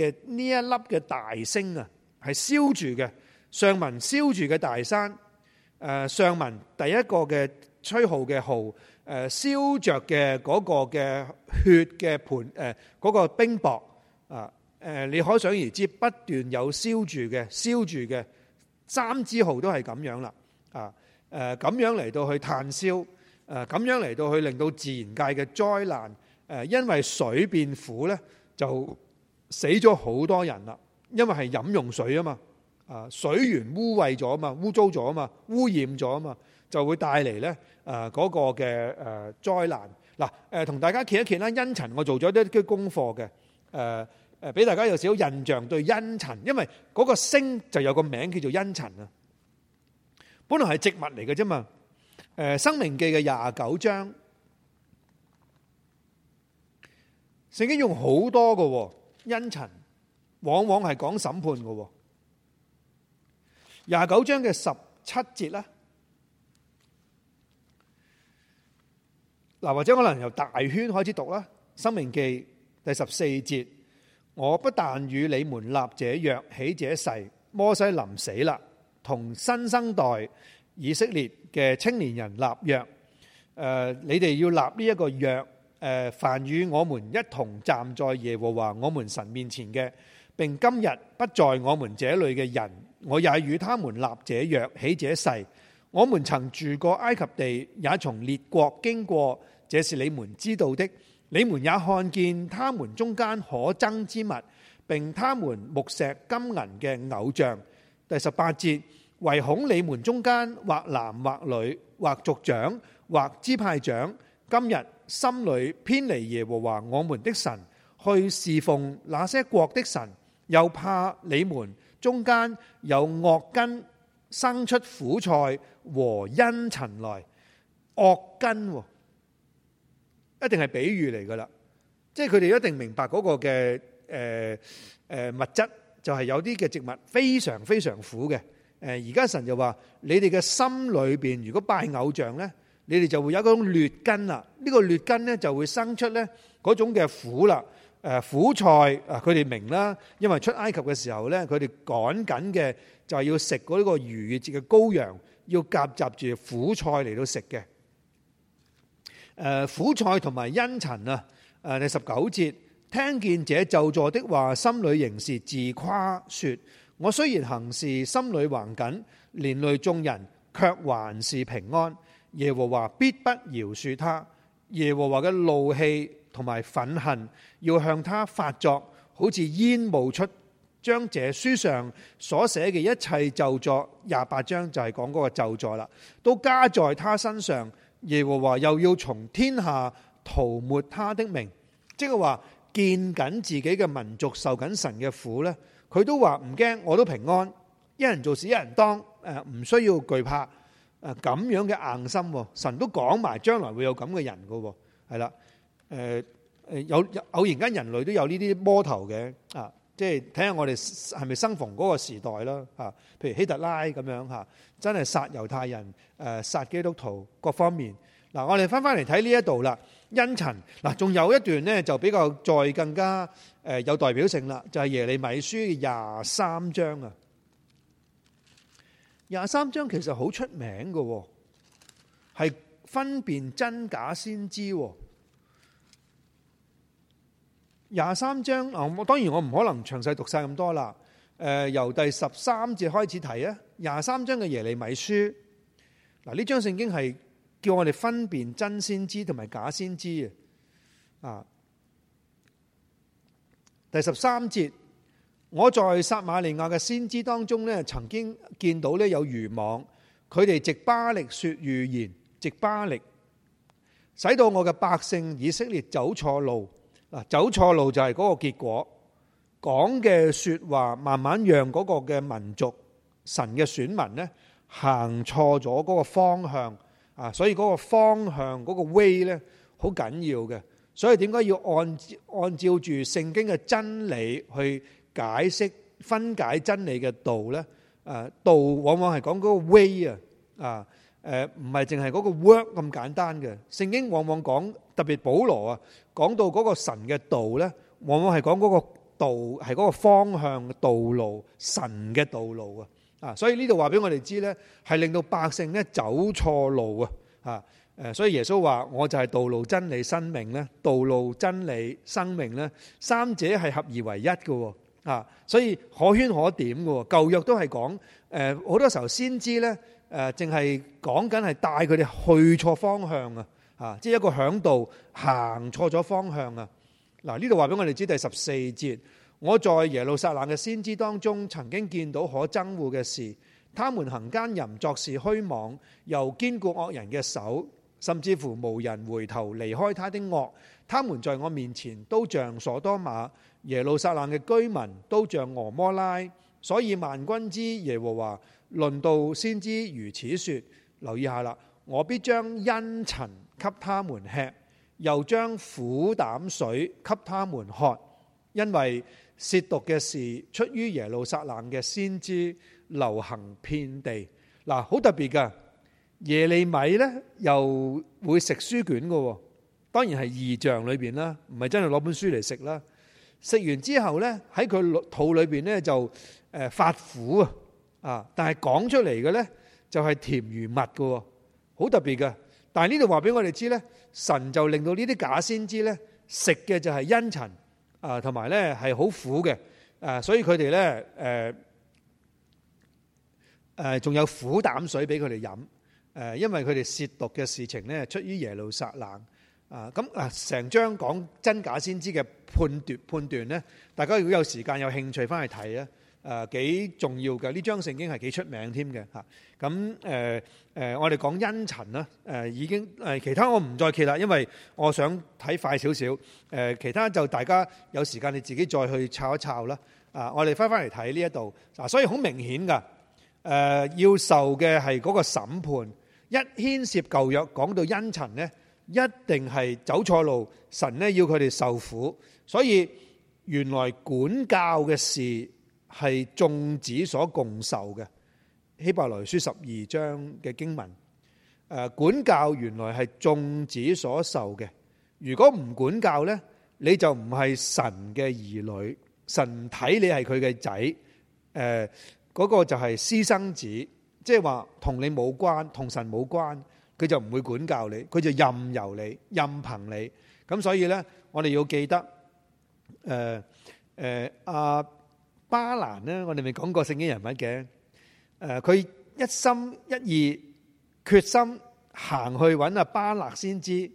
嘅呢一粒嘅大星啊，係燒住嘅上文燒住嘅大山。誒，上文第一個嘅吹號嘅號，誒燒着嘅嗰個嘅血嘅盤，誒嗰、那個冰雹啊誒，你可想而知不斷有燒住嘅燒住嘅三支號都係咁樣啦，啊誒咁樣嚟到去炭燒。誒，咁樣嚟到去令到自然界嘅災難，誒、呃，因為水變苦咧，就死咗好多人啦。因為係飲用水啊嘛，啊，水源污穢咗啊嘛，污糟咗啊嘛，污染咗啊嘛，就會帶嚟咧，誒、呃，嗰、那個嘅誒災難。嗱，誒、呃，同大家揭一揭啦。茵蔯，我做咗一啲功課嘅，誒、呃，誒，俾大家有少少印象對茵蔯，因為嗰個星就有個名叫做茵蔯啊。本來係植物嚟嘅啫嘛。誒，嗯，《申命記》嘅廿九章，聖經用好多嘅，恩情往往係講審判嘅。廿九章嘅十七節啦，嗱、啊、或者可能由大圈開始讀啦，《申命記》第十四節，我不但與你們立這約，起這誓，摩西臨死啦，同新生代。以色列嘅青年人立約，誒、呃，你哋要立呢一個約，誒、呃，凡與我們一同站在耶和華我們神面前嘅，並今日不在我們這裏嘅人，我也與他們立這約，起這誓。我們曾住過埃及地，也從列國經過，這是你們知道的。你們也看見他們中間可憎之物，並他們木石金銀嘅偶像。第十八節。唯恐你們中間或男或女或族長或支派長，今日心裏偏離耶和華我們的神，去侍奉那些國的神，又怕你們中間有惡根生出苦菜和茵蔯來，惡根一定係比喻嚟㗎喇，即係佢哋一定明白嗰個嘅，誒誒物質就係、是、有啲嘅植物非常非常苦嘅。誒而家神就話：你哋嘅心裏邊，如果拜偶像呢，你哋就會有嗰種劣根啦。呢、這個劣根呢，就會生出呢嗰種嘅苦啦。誒苦菜啊，佢哋明啦，因為出埃及嘅時候呢，佢哋趕緊嘅就係要食嗰呢個逾越節嘅羔羊，要夾雜住苦菜嚟到食嘅。誒苦菜同埋茵陳啊。誒第十九節，聽見者就坐的話，心裏仍是自誇說。我雖然行事心裏橫緊，連累眾人，卻還是平安。耶和華必不饒恕他。耶和華嘅怒氣同埋憤恨要向他發作，好似煙冒出，將這書上所寫嘅一切咒詛，廿八章就係講嗰個咒詛啦，都加在他身上。耶和華又要從天下塗抹他的名，即係話見緊自己嘅民族受緊神嘅苦呢。佢都話唔驚，我都平安。一人做事一人當，誒唔需要懼怕。誒咁樣嘅硬心，神都講埋，將來會有咁嘅人㗎喎。係啦，誒誒有偶然間人類都有呢啲魔頭嘅啊，即係睇下我哋係咪生逢嗰個時代啦嚇。譬如希特拉咁樣嚇，真係殺猶太人、誒殺基督徒各方面。嗱，我哋翻翻嚟睇呢一度啦。恩陳嗱，仲有一段咧就比較再更加。誒，有代表性啦，就係耶利米書嘅廿三章啊。廿三章其實好出名噶係分辨真假先知。廿三章啊，我當然我唔可能詳細讀晒咁多啦。誒，由第十三節開始睇啊，廿三章嘅耶利米書，嗱呢章聖經係叫我哋分辨真先知同埋假先知啊。第十三節，我在撒瑪利亞嘅先知當中咧，曾經見到咧有愚妄，佢哋直巴力說預言，直巴力，使到我嘅百姓以色列走錯路。嗱，走錯路就係嗰個結果，講嘅說話慢慢讓嗰個嘅民族、神嘅選民咧行錯咗嗰個方向啊！所以嗰個方向嗰個 way 呢，好緊要嘅。所以點解要按按照住聖經嘅真理去解釋分解真理嘅道呢？誒道往往係講嗰個 way 啊，啊，誒唔係淨係嗰個 work 咁簡單嘅。聖經往往講特別保羅啊，講到嗰個神嘅道呢，往往係講嗰個道係嗰個方向嘅道路，神嘅道路啊！啊，所以呢度話俾我哋知呢，係令到百姓呢走錯路啊！啊！誒，所以耶穌話：我就係道路、真理、生命咧。道路、真理、生命咧，三者係合而為一嘅喎。啊，所以可圈可點嘅喎。舊約都係講，誒、呃、好多時候先知咧，誒淨係講緊係帶佢哋去錯方向啊。啊，即係一個響度行錯咗方向啊。嗱，呢度話俾我哋知第十四節，我在耶路撒冷嘅先知當中曾經見到可憎惡嘅事，他們行奸淫、作事虛妄、又堅固惡人嘅手。甚至乎無人回頭離開他的惡，他們在我面前都像所多瑪、耶路撒冷嘅居民都像俄摩拉，所以萬軍之耶和華論到先知如此說：留意下啦，我必將茵蔯給他們吃，又將苦膽水給他們喝，因為褻瀆嘅事出於耶路撒冷嘅先知，流行遍地。嗱、啊，好特別㗎。耶利米咧又會食書卷嘅，當然係異象裏邊啦，唔係真係攞本書嚟食啦。食完之後咧喺佢肚裏邊咧就誒發苦啊，啊！但係講出嚟嘅咧就係甜如蜜喎，好特別嘅。但係呢度話俾我哋知咧，神就令到呢啲假先知咧食嘅就係茵蔯啊，同埋咧係好苦嘅，誒，所以佢哋咧誒誒仲有苦膽水俾佢哋飲。誒，因為佢哋褻瀆嘅事情呢，出於耶路撒冷啊，咁啊成章講真假先知嘅判斷判斷咧，大家如果有時間有興趣翻嚟睇啊，誒幾重要嘅呢章聖經係幾出名添嘅嚇。咁誒誒，我哋講恩塵啦，誒已經誒，其他我唔再揭啦，因為我想睇快少少。誒，其他就大家有時間你自己再去抄一抄啦。啊，我哋翻翻嚟睇呢一度嗱，所以好明顯㗎。誒，要受嘅係嗰個審判。一牽涉舊約講到恩塵咧，一定係走錯路，神咧要佢哋受苦。所以原來管教嘅事係眾子所共受嘅，《希伯來書》十二章嘅經文。誒，管教原來係眾子所受嘅。如果唔管教咧，你就唔係神嘅兒女，神睇你係佢嘅仔。誒，嗰個就係私生子。即係話同你冇關，同神冇關，佢就唔會管教你，佢就任由你，任憑你。咁所以呢，我哋要記得，誒誒阿巴蘭呢，我哋未講過聖經人物嘅。佢、呃、一心一意決心行去揾阿巴勒先知。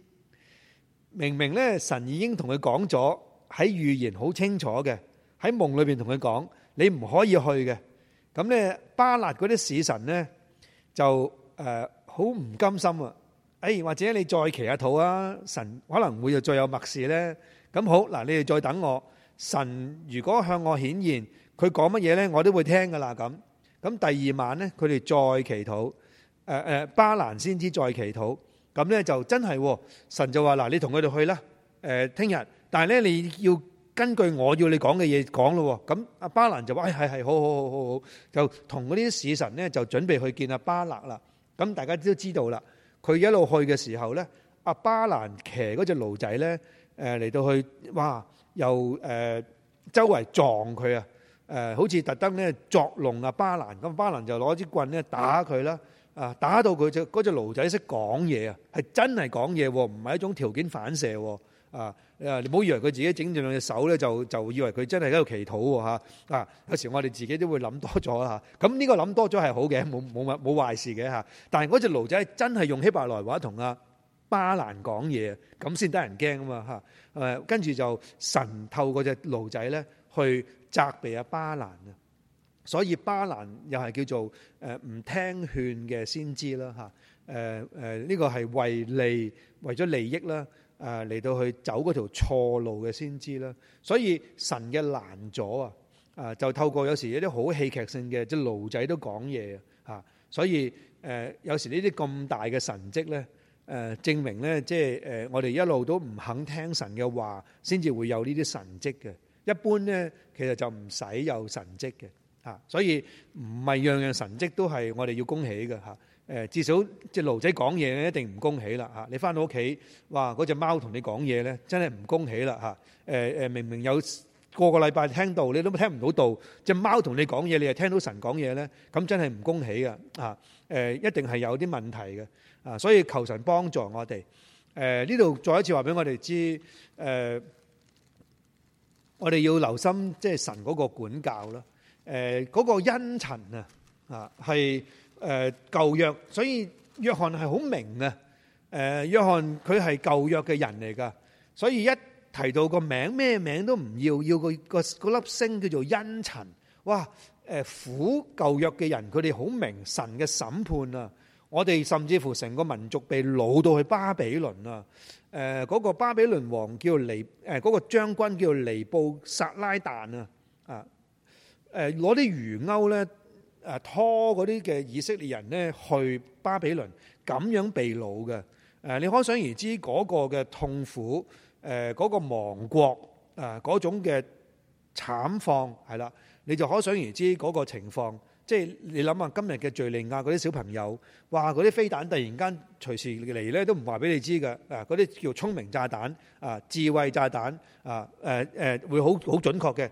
明明呢，神已經同佢講咗，喺預言好清楚嘅，喺夢裏邊同佢講，你唔可以去嘅。咁咧巴勒嗰啲使臣咧就誒，好唔甘心啊！誒，或者你再祈下禱啊，神可能會又再有默示咧。咁好嗱，你哋再等我。神如果向我顯現，佢講乜嘢咧，我都會聽噶啦。咁咁第二晚咧，佢哋再祈禱。誒誒，巴蘭先知再祈禱。咁咧就真係，神就話嗱，你同佢哋去啦。誒，聽日，但係咧你要。根據我要你講嘅嘢講咯，咁阿巴蘭就話：，係、哎、係，好好好好好，就同嗰啲使臣咧就準備去見阿巴勒啦。咁大家都知道啦，佢一路去嘅時候咧，阿巴蘭騎嗰隻驢仔咧，誒、呃、嚟到去，哇，又誒、呃、周圍撞佢啊，誒、呃、好似特登咧作弄阿巴蘭。咁巴蘭就攞支棍咧打佢啦，啊，打到佢隻嗰隻驢仔識講嘢啊，係真係講嘢喎，唔係一種條件反射喎，啊、呃！誒，你唔好以為佢自己整住兩隻手咧，就就以為佢真係喺度祈禱喎啊，有時我哋自己都會諗多咗啦。咁呢個諗多咗係好嘅，冇冇乜冇壞事嘅嚇。但係嗰隻驢仔真係用希伯來話同阿巴蘭講嘢，咁先得人驚啊嘛嚇！誒，跟住就神透過隻驢仔咧去責備阿巴蘭啊。所以巴蘭又係叫做誒唔聽勸嘅先知啦嚇。誒、啊、誒，呢、啊這個係為利為咗利益啦。誒嚟到去走嗰條錯路嘅先知啦，所以神嘅攔阻啊，誒就透過有時一啲好戲劇性嘅，即驢仔都講嘢嚇，所以誒有時呢啲咁大嘅神蹟咧，誒證明咧即係誒我哋一路都唔肯聽神嘅話，先至會有呢啲神蹟嘅。一般咧其實就唔使有神蹟嘅嚇，所以唔係樣樣神蹟都係我哋要恭喜嘅嚇。誒至少隻驢仔講嘢咧，一定唔恭喜啦嚇！你翻到屋企，哇嗰隻貓同你講嘢咧，真係唔恭喜啦嚇！誒誒明明有個個禮拜聽到，你都聽唔到道。隻貓同你講嘢，你係聽到神講嘢咧，咁真係唔恭喜噶嚇！誒一定係有啲問題嘅啊，所以求神幫助我哋。誒呢度再一次話俾我哋知，誒我哋要留心即係神嗰個管教啦。誒嗰個恩塵啊，啊係。誒、呃、舊約，所以約翰係好明啊！誒、呃、約翰佢係舊約嘅人嚟㗎，所以一提到個名，咩名都唔要，要個個粒星叫做茵蔯。哇！誒、呃、苦舊約嘅人，佢哋好明神嘅審判啊！我哋甚至乎成個民族被擄到去巴比倫啊！誒、呃、嗰、那個巴比倫王叫尼誒嗰、呃那個將軍叫尼布撒拉旦啊！啊誒攞啲魚鈎咧～誒、啊、拖嗰啲嘅以色列人呢，去巴比倫咁樣被擄嘅誒，你可想而知嗰、那個嘅痛苦誒，嗰、呃那個亡國誒，嗰、啊、種嘅慘況係啦，你就可想而知嗰、那個情況，即係你諗下今日嘅敍利亞嗰啲小朋友話嗰啲飛彈突然間隨時嚟呢，都唔話俾你知嘅，啊嗰啲叫聰明炸彈啊，智慧炸彈啊誒誒、啊啊、會好好準確嘅。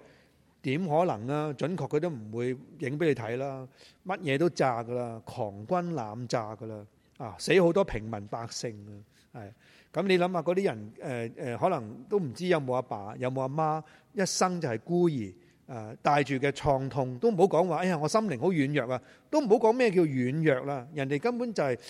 點可能啊？準確佢都唔會影俾你睇啦，乜嘢都炸噶啦，狂軍濫炸噶啦，啊死好多平民百姓啊，係咁你諗下嗰啲人誒誒、呃呃，可能都唔知有冇阿爸，爸有冇阿媽，媽，一生就係孤兒，誒、呃、帶住嘅創痛都唔好講話，哎呀我心靈好軟弱啊，都唔好講咩叫軟弱啦、啊，人哋根本就係、是、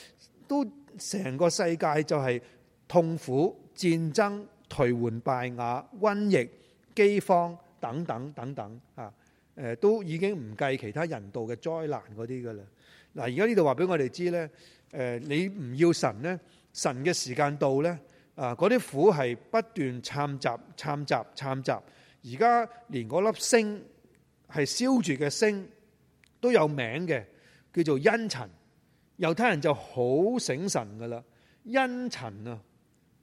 都成個世界就係痛苦、戰爭、頹垣敗瓦、瘟疫、饑荒。等等等等啊！誒都已經唔計其他人道嘅災難嗰啲噶啦。嗱，而家呢度話俾我哋知咧，誒你唔要神咧，神嘅時間到咧啊！嗰啲苦係不斷摻雜摻雜摻雜，而家連嗰粒星係燒住嘅星都有名嘅，叫做茵蔯，猶太人就好醒神噶啦，茵蔯啊！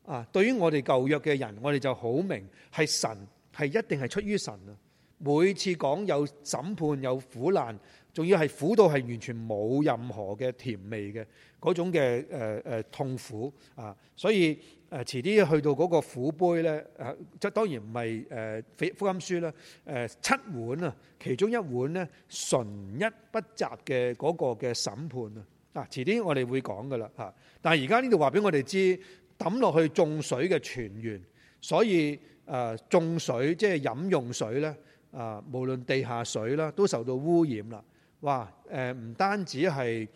啊，對於我哋舊約嘅人，我哋就好明係神。係一定係出於神啊！每次講有審判、有苦難，仲要係苦到係完全冇任何嘅甜味嘅嗰種嘅誒誒痛苦啊！所以誒、啊、遲啲去到嗰個苦杯咧誒，即、啊、係當然唔係誒《復、啊、音書》啦、啊、誒七碗啊，其中一碗咧純一不雜嘅嗰個嘅審判啊！啊，遲啲我哋會講㗎喇嚇，但係而家呢度話俾我哋知抌落去眾水嘅泉源，所以。誒，啊、種水即係飲用水咧，啊，無論地下水啦，都受到污染啦。哇，誒、呃、唔單止係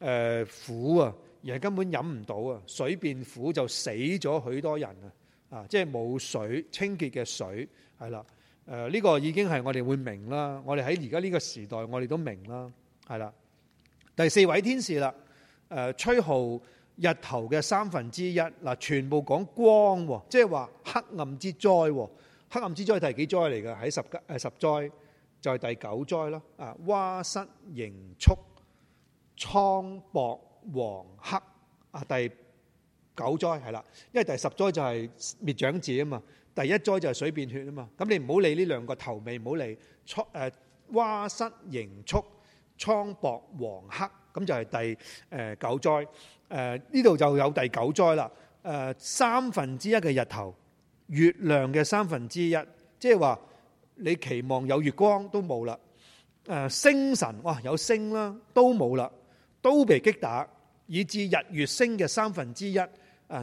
誒苦啊，而係根本飲唔到啊，水變苦就死咗許多人啊，啊，即係冇水清潔嘅水係啦。誒，呢、呃這個已經係我哋會明啦，我哋喺而家呢個時代，我哋都明啦，係啦。第四位天使啦，誒、呃，吹號。日頭嘅三分之一，嗱，全部講光，即係話黑暗之災。黑暗之災係第幾災嚟嘅？喺十、誒十災，就係第九災啦。啊，蛙蝨蠅畜，瘡雹蝗黑，啊，第九災係啦。因為第十災就係滅長子啊嘛，第一災就係水變血啊嘛。咁你唔好理呢兩個頭尾，唔好理瘡誒蛙蝨蠅畜，瘡雹蝗黑，咁就係第誒九災，誒，呢度就有第九災啦。誒，三分之一嘅日頭、月亮嘅三分之一，即係話你期望有月光都冇啦。誒，星辰哇，有星啦都冇啦，都被擊打，以至日月星嘅三分之一啊，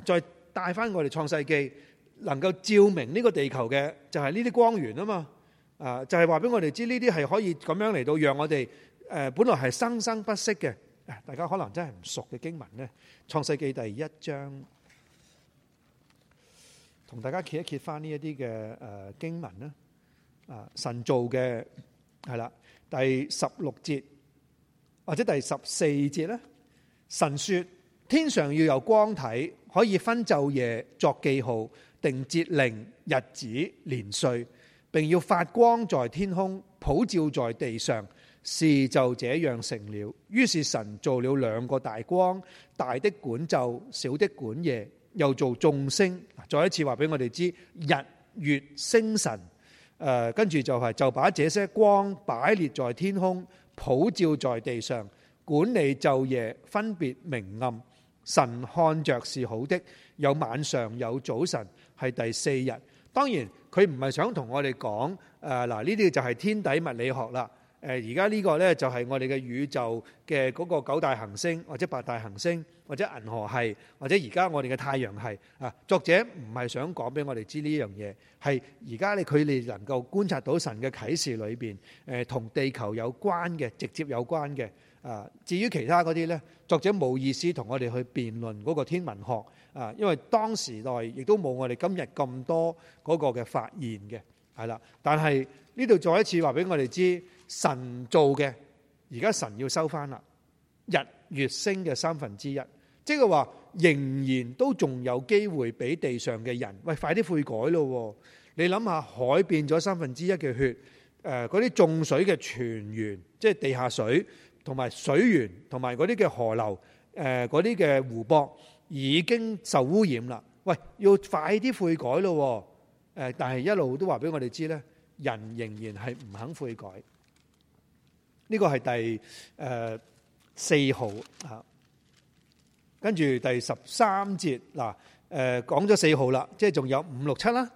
再帶翻我哋創世紀能夠照明呢個地球嘅就係呢啲光源啊嘛。啊，就係話俾我哋知呢啲係可以咁樣嚟到讓我哋。誒，本來係生生不息嘅，大家可能真係唔熟嘅經文咧，《創世記》第一章，同大家揭一揭翻，呢一啲嘅誒經文啦。啊，神造嘅係啦，第十六節或者第十四節咧，神說：天上要有光體，可以分晝夜作記號，定節令、日子、年歲，並要發光在天空，普照在地上。事就這樣成了，於是神做了兩個大光，大的管晝，小的管夜，又做眾星。再一次話俾我哋知，日月星辰，誒、呃，跟住就係、是、就把這些光擺列在天空，普照在地上，管理晝夜，分別明暗。神看着是好的，有晚上有早晨，係第四日。當然佢唔係想同我哋講，誒嗱呢啲就係天底物理學啦。誒，而家呢個咧就係我哋嘅宇宙嘅嗰個九大行星，或者八大行星，或者銀河系，或者而家我哋嘅太陽系啊。作者唔係想講俾我哋知呢樣嘢係，而家咧，佢哋能夠觀察到神嘅啟示裏邊誒，同地球有關嘅，直接有關嘅啊。至於其他嗰啲咧，作者冇意思同我哋去辯論嗰個天文學啊，因為當時代亦都冇我哋今日咁多嗰個嘅發現嘅係啦。但係呢度再一次話俾我哋知。神做嘅，而家神要收翻啦。日月升嘅三分之一，即係話仍然都仲有機會俾地上嘅人，喂，快啲悔改咯！你諗下，海變咗三分之一嘅血，誒、呃，嗰啲眾水嘅泉源，即係地下水同埋水源同埋嗰啲嘅河流，誒、呃，嗰啲嘅湖泊已經受污染啦。喂，要快啲悔改咯！誒、呃，但係一路都話俾我哋知咧，人仍然係唔肯悔改。呢個係第誒、呃、四號啊，跟住第十三節嗱，誒、呃、講咗四號啦，即係仲有五六七啦、啊。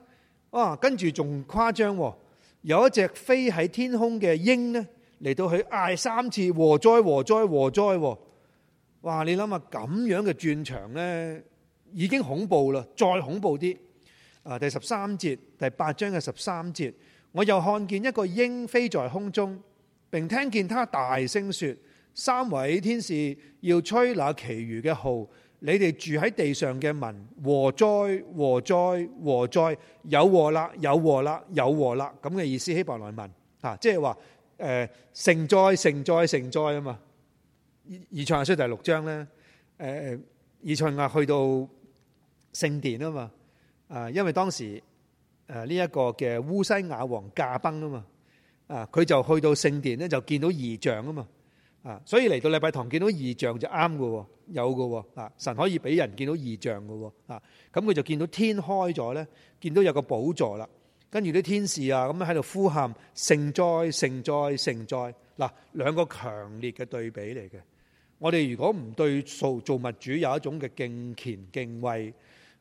哇、啊，跟住仲誇張、啊，有一隻飛喺天空嘅鷹呢，嚟到佢嗌三次禍哉禍哉禍哉。哇，你諗下咁樣嘅轉場呢，已經恐怖啦，再恐怖啲。啊，第十三節，第八章嘅十三節，我又看見一個鷹飛在空中。並聽見他大聲說：三位天使要吹那其餘嘅號，你哋住喺地上嘅民，禍災、禍災、禍災，有禍啦，有禍啦，有禍啦，咁嘅意思。希伯來文，吓、啊，即係話，誒、呃，成災、成災、成災啊嘛。以以賽亞書第六章咧，誒、呃，以賽亞去到聖殿嘛啊嘛，因為當時誒呢一個嘅烏西亞王駕崩啊嘛。啊！佢就去到聖殿咧，就見到異象啊嘛！啊，所以嚟到禮拜堂見到異象就啱㗎喎，有㗎喎啊！神可以俾人見到異象㗎喎啊！咁佢就見到天開咗咧，見到有個寶座啦，跟住啲天使啊咁樣喺度呼喊：聖哉、聖哉、聖哉！嗱，兩個強烈嘅對比嚟嘅。我哋如果唔對造造物主有一種嘅敬虔敬畏，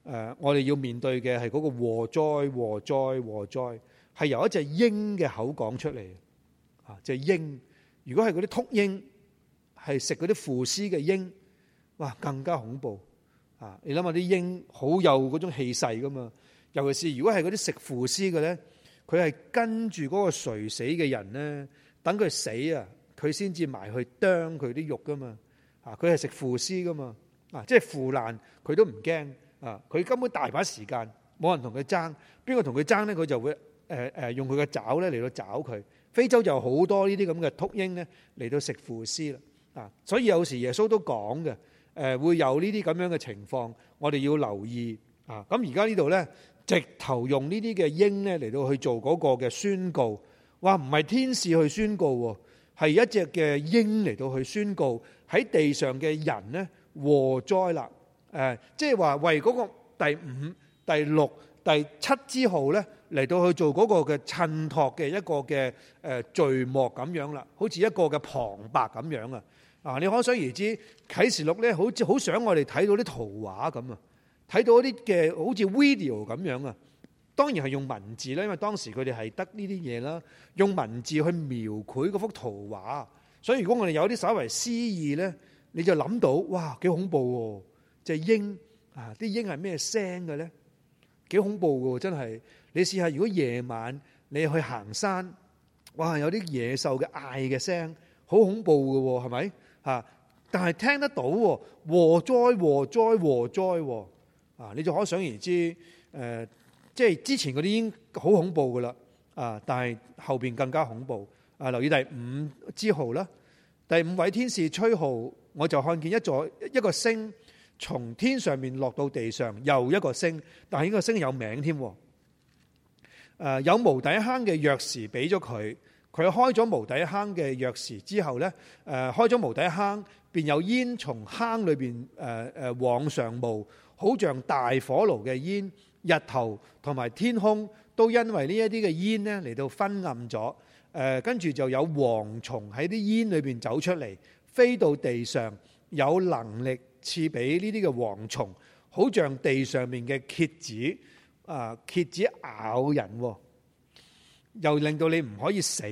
誒，我哋要面對嘅係嗰個禍災、禍災、禍災。係由一隻鷹嘅口講出嚟，啊，就係隻鷹。如果係嗰啲禿鷹，係食嗰啲腐屍嘅鷹，哇，更加恐怖啊！你諗下，啲鷹好有嗰種氣勢噶嘛？尤其是如果係嗰啲食腐屍嘅咧，佢係跟住嗰個垂死嘅人咧，等佢死啊，佢先至埋去啄佢啲肉噶嘛。啊，佢係食腐屍噶嘛，啊，即係腐爛佢都唔驚啊！佢根本大把時間冇人同佢爭，邊個同佢爭咧？佢就會。誒誒，用佢嘅爪咧嚟到抓佢。非洲就好多呢啲咁嘅禿鷹咧嚟到食腐屍啦啊！所以有時耶穌都講嘅，誒會有呢啲咁樣嘅情況，我哋要留意啊！咁而家呢度咧，直頭用呢啲嘅鷹咧嚟到去做嗰個嘅宣告，話唔係天使去宣告喎，係一隻嘅鷹嚟到去宣告喺地上嘅人咧禍災啦！誒，即係話為嗰個第五、第六。第七之後咧，嚟到去做嗰個嘅襯托嘅一個嘅誒序幕咁樣啦，好似一個嘅旁白咁樣啊。嗱，你可想而知，啟示錄咧，好似好想我哋睇到啲圖畫咁啊，睇到一啲嘅好似 video 咁樣啊。當然係用文字啦，因為當時佢哋係得呢啲嘢啦，用文字去描繪嗰幅圖畫。所以如果我哋有啲稍為詩意咧，你就諗到哇，幾恐怖喎！就係鷹啊，啲鷹係咩聲嘅咧？幾恐怖噶，真係！你試下如果夜晚你去行山，哇，有啲野獸嘅嗌嘅聲，好恐怖噶，係咪？吓，但係聽得到，禍哉禍哉禍哉，啊！你就可想而知，誒，即係之前嗰啲已經好恐怖噶啦，啊！但係後邊更加恐怖。啊，留意第五支號啦，第五位天使吹號，我就看見一座一個星。從天上面落到地上，又一個星，但係呢個星有名添。誒、呃，有無底坑嘅鑰匙，俾咗佢，佢開咗無底坑嘅鑰匙之後呢，誒、呃，開咗無底坑，便有煙從坑裏邊誒誒往上冒，好像大火爐嘅煙。日頭同埋天空都因為呢一啲嘅煙呢，嚟到昏暗咗。誒、呃，跟住就有蝗蟲喺啲煙裏邊走出嚟，飛到地上，有能力。賜俾呢啲嘅蝗蟲，好像地上面嘅蠍子啊，蠍子咬人，又令到你唔可以死。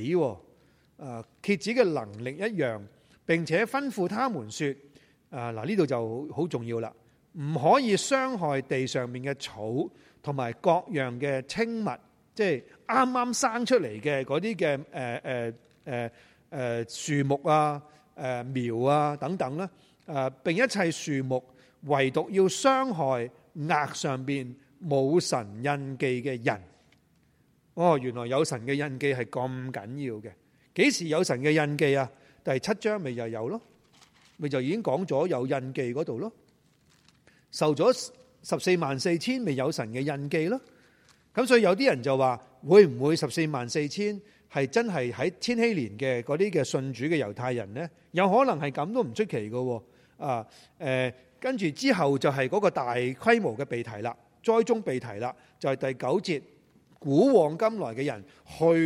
啊，蠍子嘅能力一樣，並且吩咐他們說：啊，嗱呢度就好重要啦，唔可以傷害地上面嘅草同埋各樣嘅青物，即係啱啱生出嚟嘅嗰啲嘅誒誒誒誒樹木啊，誒、呃、苗啊等等啦。誒，並一切樹木，唯獨要傷害額上邊冇神印記嘅人。哦，原來有神嘅印記係咁緊要嘅。幾時有神嘅印記啊？第七章咪又有咯，咪就已經講咗有印記嗰度咯。受咗十四萬四千，咪有神嘅印記咯。咁所以有啲人就話，會唔會十四萬四千係真係喺千禧年嘅嗰啲嘅信主嘅猶太人呢？有可能係咁都唔出奇㗎。啊，誒，跟住之後就係嗰個大規模嘅被提啦，災中被提啦，就係、是、第九節，古往今來嘅人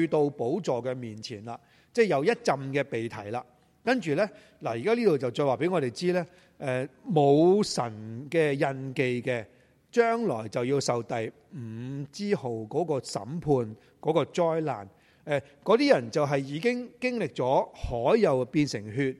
去到寶座嘅面前啦，即係有一浸嘅被提啦，跟住呢，嗱而家呢度就再話俾我哋知呢，誒、啊、冇神嘅印記嘅，將來就要受第五之號嗰個審判嗰、那個災難，嗰、啊、啲人就係已經經歷咗海又變成血。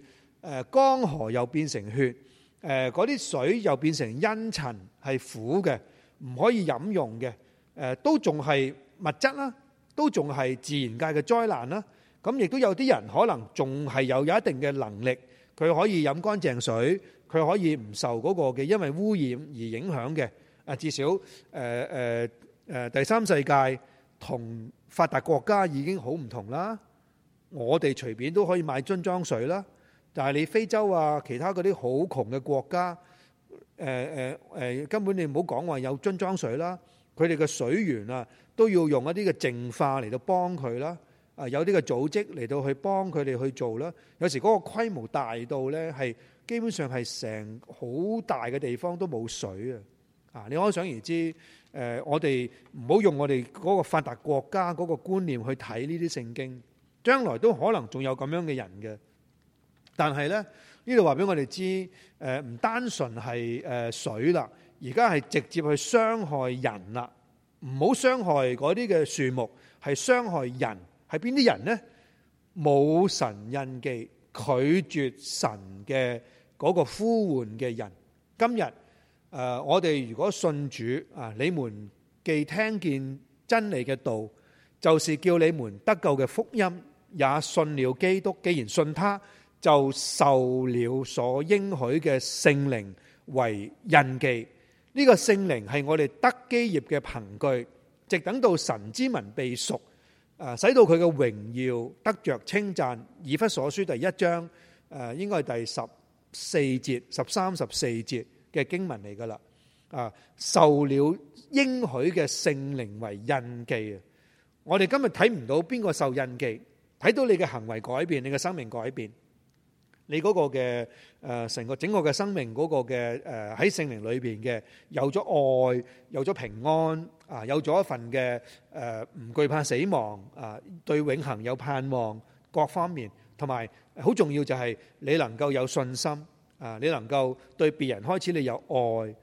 江河又變成血，誒嗰啲水又變成茵蔯，係苦嘅，唔可以飲用嘅。誒都仲係物質啦，都仲係自然界嘅災難啦。咁亦都有啲人可能仲係有一定嘅能力，佢可以飲乾淨水，佢可以唔受嗰個嘅因為污染而影響嘅。啊，至少誒誒誒第三世界同發達國家已經好唔同啦。我哋隨便都可以買樽裝水啦。但係你非洲啊，其他嗰啲好窮嘅國家，誒誒誒，根本你唔好講話有樽裝水啦，佢哋嘅水源啊，都要用一啲嘅淨化嚟到幫佢啦，啊，有啲嘅組織嚟到去幫佢哋去做啦，有時嗰個規模大到呢，係基本上係成好大嘅地方都冇水啊！啊，你可想而知，誒、呃，我哋唔好用我哋嗰個發達國家嗰個觀念去睇呢啲聖經，將來都可能仲有咁樣嘅人嘅。但係咧，呢度話俾我哋知，誒唔單純係誒水啦，而家係直接去傷害人啦。唔好傷害嗰啲嘅樹木，係傷害人，係邊啲人呢？冇神印記，拒絕神嘅嗰個呼喚嘅人。今日誒，我哋如果信主啊，你們既聽見真理嘅道，就是叫你們得救嘅福音，也信了基督。既然信他。就受了所應許嘅聖靈為印記，呢、這個聖靈係我哋得基業嘅憑據，直等到神之民被贖，使到佢嘅榮耀得着稱讚。以弗所書第一章，誒，應該係第十四節十三十四節嘅經文嚟噶啦，啊，受了應許嘅聖靈為印記啊。我哋今日睇唔到邊個受印記，睇到你嘅行為改變，你嘅生命改變。你嗰個嘅誒，成個整個嘅生命嗰個嘅誒，喺聖靈裏邊嘅有咗愛，有咗平安啊，有咗一份嘅誒，唔懼怕死亡啊，對永恆有盼望，各方面，同埋好重要就係你能夠有信心啊，你能夠對別人開始你有愛誒，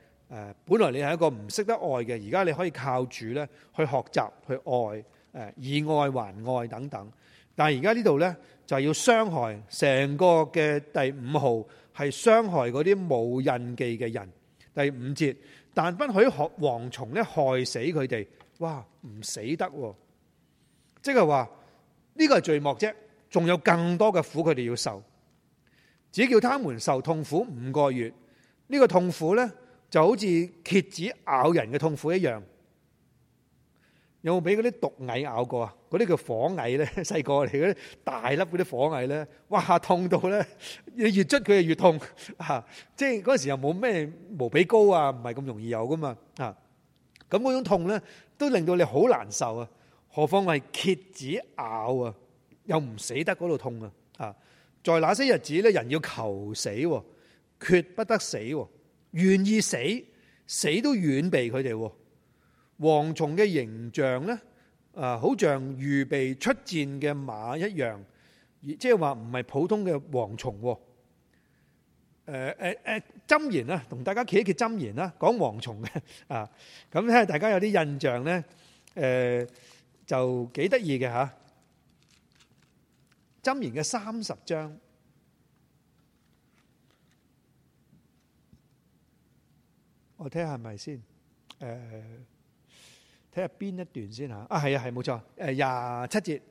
本來你係一個唔識得愛嘅，而家你可以靠主咧去學習去愛誒，以愛還愛等等。但係而家呢度咧。就係要傷害成個嘅第五號，係傷害嗰啲冇印記嘅人。第五節，但不許蝗蟲咧害死佢哋。哇，唔死得喎！即係話呢個係序幕啫，仲有更多嘅苦佢哋要受。只叫他們受痛苦五個月，呢個痛苦呢，就好似蠍子咬人嘅痛苦一樣。有冇俾嗰啲毒蟻咬過啊？嗰啲叫火蟻咧，細個嚟嗰啲大粒嗰啲火蟻咧，哇，痛到咧，你越捽佢就越痛，吓、啊！即係嗰陣時候又冇咩無比膏啊，唔係咁容易有噶嘛，吓、啊！咁嗰種痛咧，都令到你好難受啊！何況係蠍子咬啊，又唔死得嗰度痛啊！啊，在那些日子咧，人要求死，決不得死，願意死，死都遠避佢哋。蝗蟲嘅形象咧，啊，好像預備出戰嘅馬一樣，亦即係話唔係普通嘅蝗蟲。誒誒誒，箴言啦，同大家企一企箴言啦，講蝗蟲嘅啊，咁睇下大家有啲印象咧，誒，就幾得意嘅吓。箴言嘅三十章，我睇下係咪先，誒。睇下邊一段先嚇，啊係啊，係冇錯，誒廿、啊呃、七節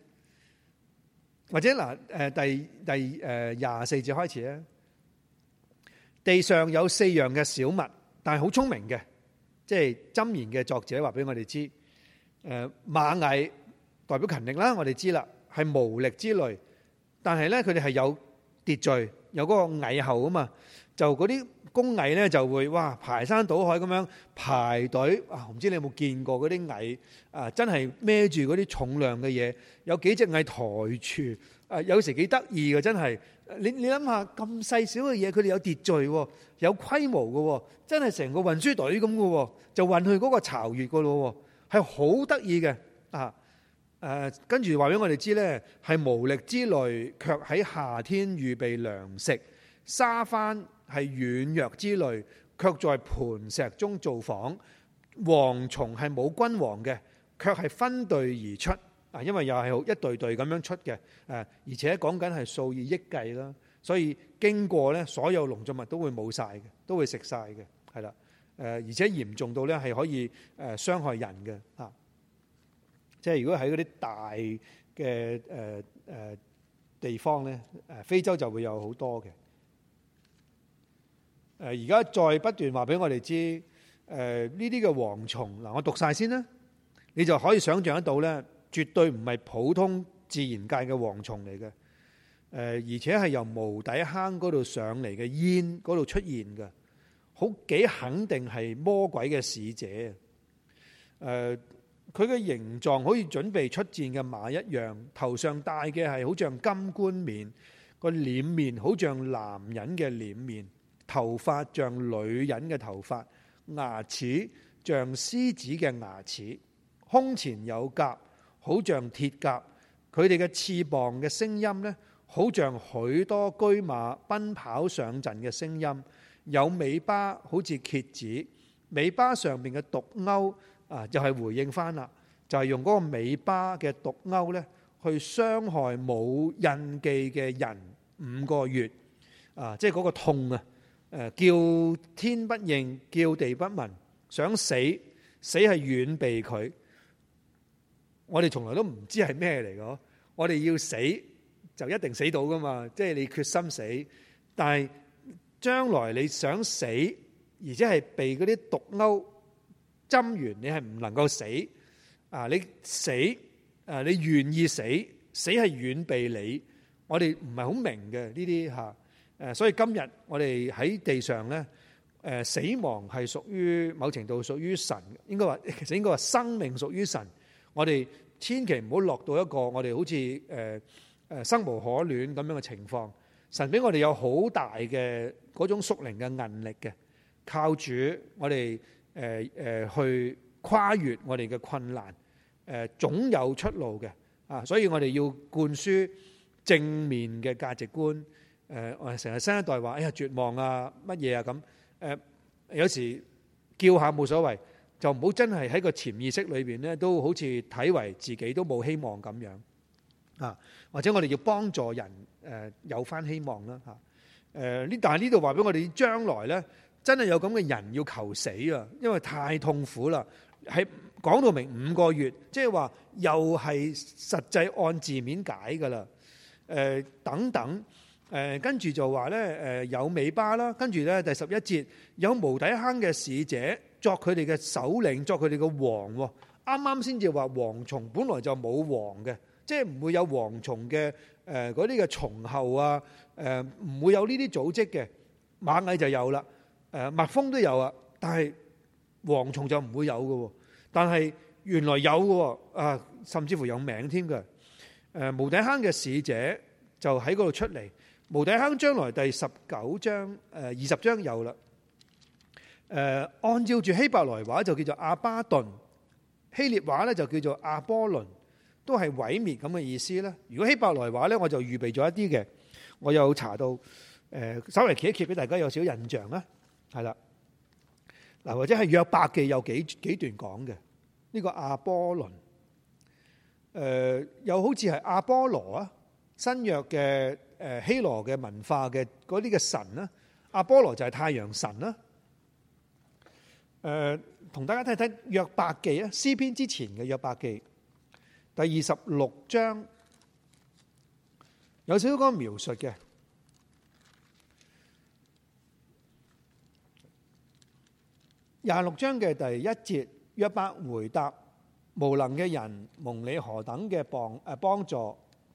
或者嗱誒、呃、第第誒廿、呃、四節開始啊。地上有四樣嘅小物，但係好聰明嘅，即係箴言嘅作者話俾我哋知，誒螞蟻代表勤力啦，我哋知啦，係無力之類，但係咧佢哋係有秩序，有嗰個蟻后啊嘛。就嗰啲工蟻咧，就會哇排山倒海咁樣排隊。哇、啊，唔知你有冇見過嗰啲蟻啊？真係孭住嗰啲重量嘅嘢，有幾隻蟻抬住啊！有時幾得意嘅，真係。你你諗下咁細小嘅嘢，佢哋有秩序、喎，有規模嘅、喎，真係成個運輸隊咁嘅，就運去嗰個巢穴嘅咯，係好得意嘅啊！誒、啊，跟住話俾我哋知咧，係無力之類，卻喺夏天預備糧食，沙翻。係軟弱之類，卻在盤石中造房；蝗蟲係冇君王嘅，卻係分隊而出。啊，因為又係一隊隊咁樣出嘅。誒，而且講緊係數以億計啦，所以經過呢，所有農作物都會冇晒嘅，都會食晒嘅，係啦。誒，而且嚴重到呢係可以誒傷害人嘅啊。即係如果喺嗰啲大嘅誒誒地方呢，誒非洲就會有好多嘅。誒而家再不斷話俾我哋知，誒呢啲嘅蝗蟲嗱，我讀晒先啦，你就可以想象得到咧，絕對唔係普通自然界嘅蝗蟲嚟嘅。誒、呃，而且係由無底坑嗰度上嚟嘅煙嗰度出現嘅，好幾肯定係魔鬼嘅使者。誒、呃，佢嘅形狀好似準備出戰嘅馬一樣，頭上戴嘅係好像金冠冕，個臉面好像男人嘅臉面。頭髮像女人嘅頭髮，牙齒像獅子嘅牙齒，胸前有甲，好像鐵甲。佢哋嘅翅膀嘅聲音呢，好像許多駒馬奔跑上陣嘅聲音。有尾巴，好似蠍子，尾巴上面嘅毒鈎啊，就係、是、回應返啦，就係、是、用嗰個尾巴嘅毒鈎呢，去傷害冇印記嘅人五個月啊，即係嗰個痛啊！誒，叫天不應，叫地不聞，想死，死係遠避佢。我哋從來都唔知係咩嚟嘅，我哋要死就一定死到噶嘛，即係你決心死。但係將來你想死，而且係被嗰啲毒鈎針完，你係唔能夠死啊！你死，啊你願意死，死係遠避你。我哋唔係好明嘅呢啲嚇。這些誒，所以今日我哋喺地上咧，誒、呃、死亡係屬於某程度屬於神，應該話其實應該話生命屬於神。我哋千祈唔好落到一個我哋好似誒誒生無可戀咁樣嘅情況。神俾我哋有好大嘅嗰種屬靈嘅韌力嘅，靠主我哋誒誒去跨越我哋嘅困難，誒、呃、總有出路嘅啊！所以我哋要灌輸正面嘅價值觀。我成日新一代話，哎呀，絕望啊，乜嘢啊咁、呃。有時叫下冇所謂，就唔好真係喺個潛意識裏面咧，都好似睇為自己都冇希望咁樣啊。或者我哋要幫助人、呃、有翻希望啦、吓、呃、呢但係呢度話俾我哋將來咧，真係有咁嘅人要求死啊，因為太痛苦啦。係講到明五個月，即係話又係實際按字面解噶啦、呃。等等。誒跟住就話咧，誒有尾巴啦。跟住咧第十一節有無底坑嘅使者作佢哋嘅首領，作佢哋嘅王喎。啱啱先至話蝗蟲，本來就冇王嘅，即係唔會有蝗蟲嘅誒嗰啲嘅蟲后啊，誒唔會有呢啲組織嘅螞蟻就有啦，誒蜜蜂都有啊，但係蝗蟲就唔會有㗎。但係原來有嘅啊，甚至乎有名添嘅。誒無底坑嘅使者就喺嗰度出嚟。無底坑，將來第十九章誒、呃、二十章有啦。誒、呃，按照住希伯來話就叫做阿巴頓，希臘話咧就叫做阿波倫，都係毀滅咁嘅意思啦。如果希伯來話咧，我就預備咗一啲嘅。我有查到誒，稍微揭一揭俾大家有少少印象啊。係啦，嗱，或者係約伯記有幾幾段講嘅呢、這個阿波倫，誒、呃，又好似係阿波羅啊，新約嘅。誒希羅嘅文化嘅嗰啲嘅神啦、啊，阿波羅就係太陽神啦、啊。誒、呃，同大家睇一睇約伯記啊，詩篇之前嘅約伯記第二十六章有少少嗰個描述，嘅廿六章嘅第一節，約伯回答，無能嘅人蒙你何等嘅幫誒幫助？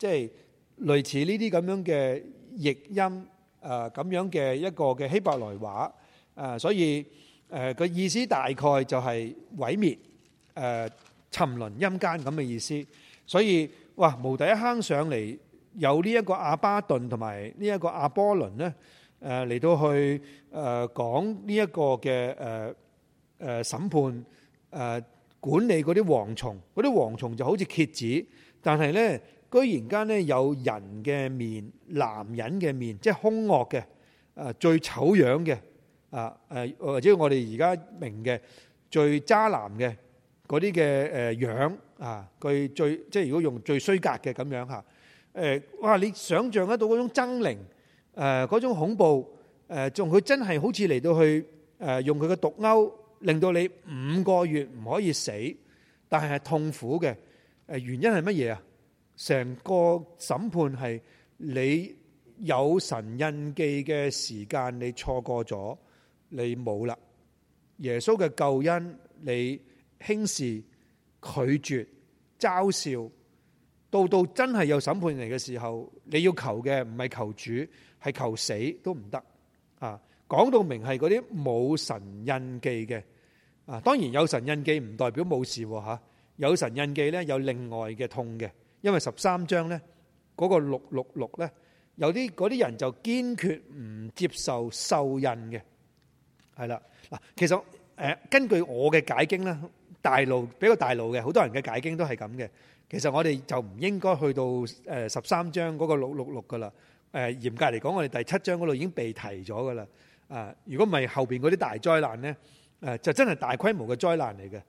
即係類似呢啲咁樣嘅譯音，誒咁樣嘅一個嘅希伯來話，誒所以誒個意思大概就係毀滅，誒沉淪陰間咁嘅意思。所以哇，無底坑上嚟有呢一個亞巴頓同埋呢一個亞波倫咧，誒嚟到去誒講呢一個嘅誒誒審判誒管理嗰啲蝗蟲，嗰啲蝗蟲就好似蠍子，但係咧。居然間咧有人嘅面，男人嘅面，即係兇惡嘅，誒最醜樣嘅，啊誒或者我哋而家明嘅最渣男嘅嗰啲嘅誒樣啊，佢最即係如果用最衰格嘅咁樣嚇誒，哇！你想像得到嗰種猙獰誒嗰種恐怖誒，仲佢真係好似嚟到去誒用佢嘅毒鈎，令到你五個月唔可以死，但係係痛苦嘅誒原因係乜嘢啊？成個審判係你有神印記嘅時間，你錯過咗，你冇啦。耶穌嘅救恩你輕視、拒絕、嘲笑，到到真係有審判嚟嘅時候，你要求嘅唔係求主，係求死都唔得啊！講到明係嗰啲冇神印記嘅啊，當然有神印記唔代表冇事吓，啊，有神印記呢，有另外嘅痛嘅。因為十三章咧，嗰個六六六咧，有啲嗰啲人就堅決唔接受受印嘅，係啦。嗱，其實誒，根據我嘅解經咧，大陸比較大陸嘅，好多人嘅解經都係咁嘅。其實我哋就唔應該去到誒十三章嗰個六六六噶啦。誒，嚴格嚟講，我哋第七章嗰度已經被提咗噶啦。啊，如果唔係後邊嗰啲大災難咧，誒，就真係大規模嘅災難嚟嘅。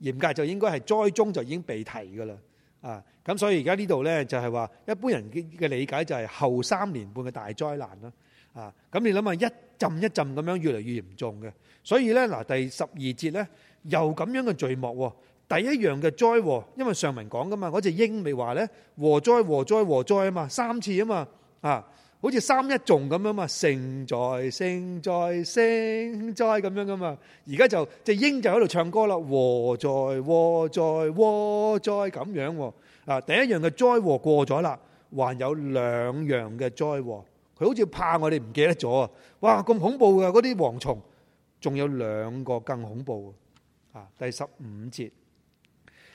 嚴格就應該係災中就已經被提噶啦。啊，咁所以而家呢度呢，就係話一般人嘅理解就係後三年半嘅大災難啦。啊，咁你諗下一浸一浸咁樣越嚟越嚴重嘅，所以呢，嗱第十二節呢，又咁樣嘅序幕喎，啊，第一樣嘅災禍，因為上文講噶嘛，嗰隻鷹咪話呢禍災禍災禍災啊嘛，三次啊嘛，啊。好似三一眾咁樣嘛，聖哉聖哉聖哉咁樣噶嘛。而家就即係鷹就喺度唱歌啦，禍哉禍哉禍哉咁樣。啊，第一樣嘅災禍過咗啦，還有兩樣嘅災禍。佢好似怕我哋唔記得咗啊！哇，咁恐怖嘅嗰啲蝗蟲，仲有兩個更恐怖。啊，第十五節，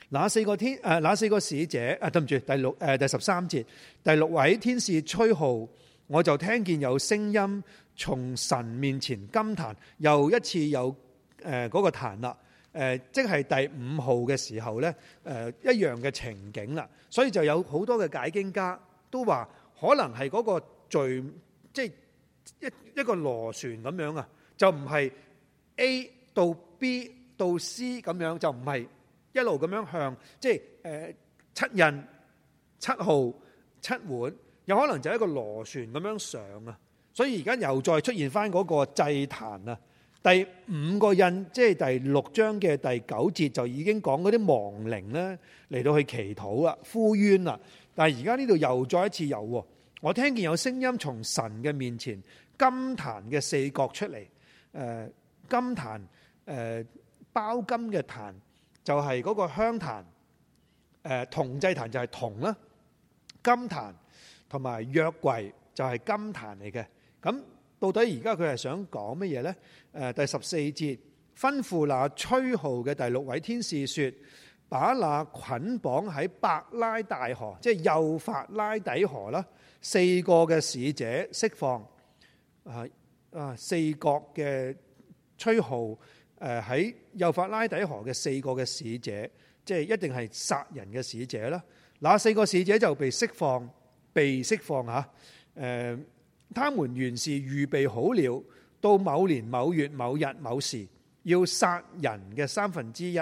那四個天誒，那四個使者誒，對唔住，第六誒，第十三節，第六位天使吹號。我就聽見有聲音從神面前金壇，又一次有誒、呃，嗰個壇啦，誒、呃、即係第五號嘅時候咧，誒、呃、一樣嘅情景啦，所以就有好多嘅解經家都話可能係嗰個序，即係一一個螺旋咁樣啊，就唔係 A 到 B 到 C 咁樣，就唔係一路咁樣向，即係誒七印、七號、七碗。有可能就係一個螺旋咁樣上啊，所以而家又再出現返嗰個祭壇啊，第五個印即係第六章嘅第九節就已經講嗰啲亡靈咧嚟到去祈禱啊、呼冤啦，但係而家呢度又再一次有喎，我聽見有聲音從神嘅面前金壇嘅四角出嚟，誒、呃、金壇誒包金嘅壇就係、是、嗰個香壇，誒、呃、銅祭壇就係銅啦，金壇。同埋約櫃就係金壇嚟嘅。咁到底而家佢係想講乜嘢呢？誒，第十四節吩咐那吹號嘅第六位天使説：把那捆綁喺伯拉大河，即係幼發拉底河啦，四個嘅使者釋放啊、呃、啊！四國嘅吹號誒喺幼發拉底河嘅四個嘅使者，即係一定係殺人嘅使者啦。那四個使者就被釋放。被釋放吓，誒，他們原是預備好了，到某年某月某日某時要殺人嘅三分之一。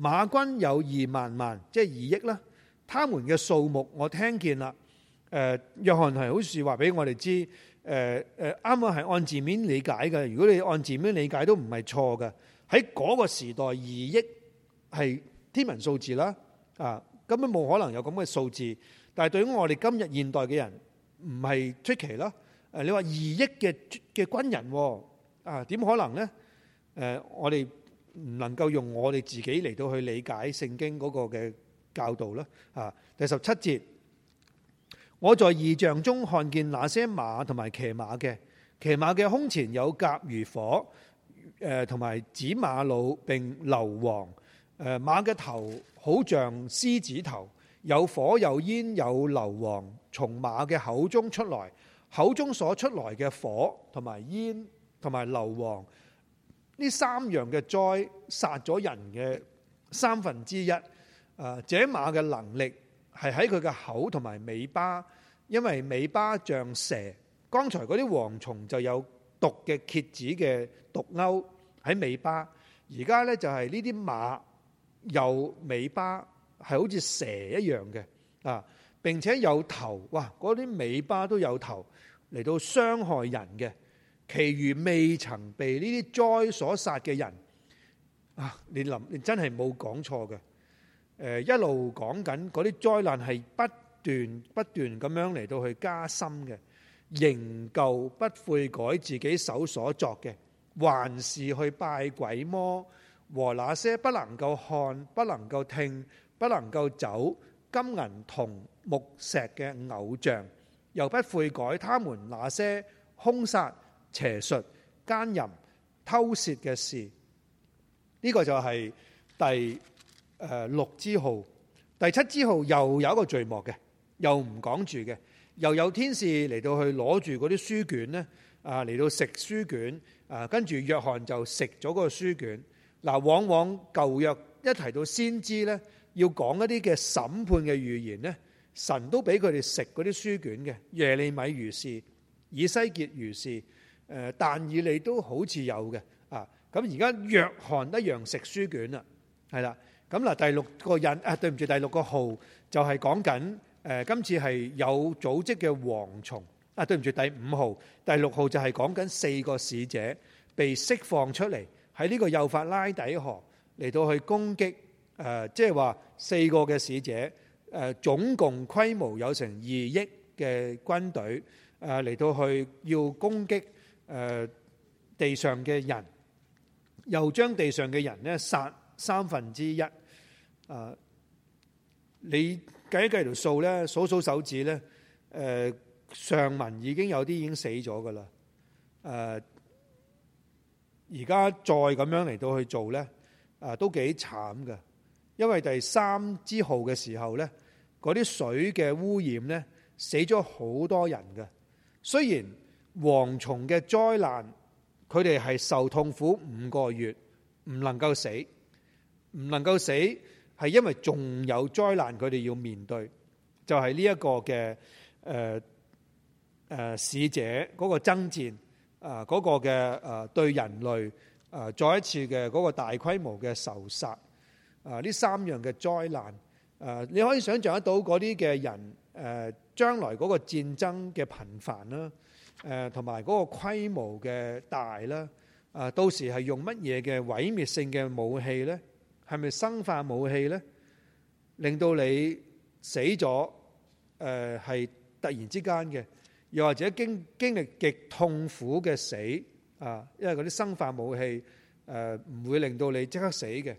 馬軍有二萬萬，即係二億啦。他們嘅數目我聽見啦，誒，約翰係好似話俾我哋知，誒誒，啱啱係按字面理解嘅。如果你按字面理解都唔係錯嘅，喺嗰個時代二億係天文數字啦，啊，根本冇可能有咁嘅數字。但係對於我哋今日現代嘅人，唔係出奇咯。誒，你話二億嘅嘅軍人喎，啊點可能呢？呃、我哋唔能夠用我哋自己嚟到去理解聖經嗰個嘅教導啦。啊，第十七節，我在異象中看見那些馬同埋騎馬嘅，騎馬嘅胸前有甲如火，同埋紫瑪瑙並硫磺，誒、呃、馬嘅頭好像獅子頭。有火有煙有硫磺，從馬嘅口中出來，口中所出來嘅火同埋煙同埋硫磺，呢三樣嘅災殺咗人嘅三分之一。啊，這馬嘅能力係喺佢嘅口同埋尾巴，因為尾巴像蛇。剛才嗰啲蝗蟲就有毒嘅蠍子嘅毒鈎喺尾巴，而家呢，就係呢啲馬有尾巴。係好似蛇一樣嘅啊，並且有頭，哇！嗰啲尾巴都有頭嚟到傷害人嘅。其餘未曾被呢啲災所殺嘅人啊，你諗，你真係冇講錯嘅。呃，一路講緊嗰啲災難係不斷不斷咁樣嚟到去加深嘅，仍舊不悔改自己手所作嘅，還是去拜鬼魔和那些不能夠看、不能夠聽。不能夠走金銀銅木石嘅偶像，又不悔改，他們那些兇殺、邪術、奸淫、偷竊嘅事。呢個就係第六支號，第七支號又有一個序幕嘅，又唔講住嘅，又有天使嚟到去攞住嗰啲書卷啊嚟到食書卷啊，跟住約翰就食咗嗰個書卷嗱。往往舊約一提到先知呢，要講一啲嘅審判嘅預言咧，神都俾佢哋食嗰啲書卷嘅。耶利米如是，以西結如是，誒但以利都好似有嘅啊。咁而家約翰一樣食書卷啦，係啦。咁嗱第六個印啊，對唔住第六個號就係講緊誒今次係有組織嘅蝗蟲啊。對唔住第五號、第六號就係講緊四個使者被釋放出嚟喺呢個幼發拉底河嚟到去攻擊。誒，即係話四個嘅使者，誒、啊、總共規模有成二億嘅軍隊，誒、啊、嚟到去要攻擊誒、啊、地上嘅人，又將地上嘅人咧殺三分之一。誒、啊，你計一計條數咧，數數手指咧，誒、啊、上文已經有啲已經死咗噶啦。誒、啊，而家再咁樣嚟到去做咧，誒、啊、都幾慘嘅。因為第三支號嘅時候呢，嗰啲水嘅污染呢，死咗好多人嘅。雖然蝗蟲嘅災難，佢哋係受痛苦五個月，唔能夠死，唔能夠死係因為仲有災難佢哋要面對，就係呢一個嘅誒誒使者嗰個爭戰啊，嗰個嘅誒對人類誒再一次嘅嗰個大規模嘅仇殺。啊！呢三樣嘅災難，啊，你可以想象得到嗰啲嘅人，誒、啊，將來嗰個戰爭嘅頻繁啦，誒、啊，同埋嗰個規模嘅大啦，啊，到時係用乜嘢嘅毀滅性嘅武器咧？係咪生化武器咧？令到你死咗，誒、啊，係突然之間嘅，又或者經經歷極痛苦嘅死啊，因為嗰啲生化武器誒唔，啊，會令到你即刻死嘅。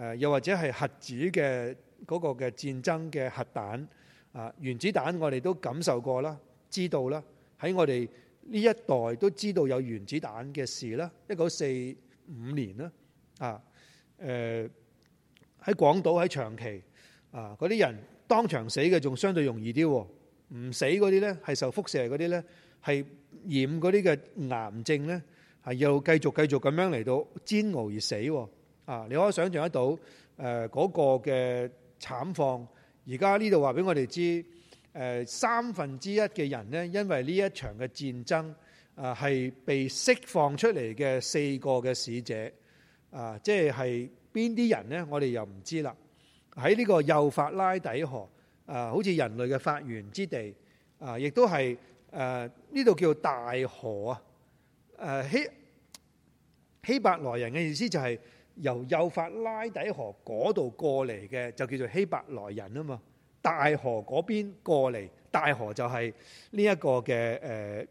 誒又或者係核子嘅嗰個嘅戰爭嘅核彈啊，原子彈我哋都感受過啦，知道啦，喺我哋呢一代都知道有原子彈嘅事啦，一九四五年啦，啊誒喺、啊呃、廣島喺長崎啊，嗰啲人當場死嘅仲相對容易啲、啊，唔死嗰啲呢，係受輻射嗰啲呢，係染嗰啲嘅癌症呢，係、啊、又繼續繼續咁樣嚟到煎熬而死、啊。啊！你可以想象得到，誒、呃、嗰、那個嘅慘況。而家呢度話俾我哋知，誒、呃、三分之一嘅人呢，因為呢一場嘅戰爭啊，係、呃、被釋放出嚟嘅四個嘅使者啊、呃，即係邊啲人呢？我哋又唔知啦。喺呢個幼發拉底河啊、呃，好似人類嘅發源之地啊，亦、呃、都係誒呢度叫大河啊。誒、呃、希希伯來人嘅意思就係、是。由幼發拉底河嗰度過嚟嘅就叫做希伯來人啊嘛，大河嗰邊過嚟，大河就係呢一個嘅誒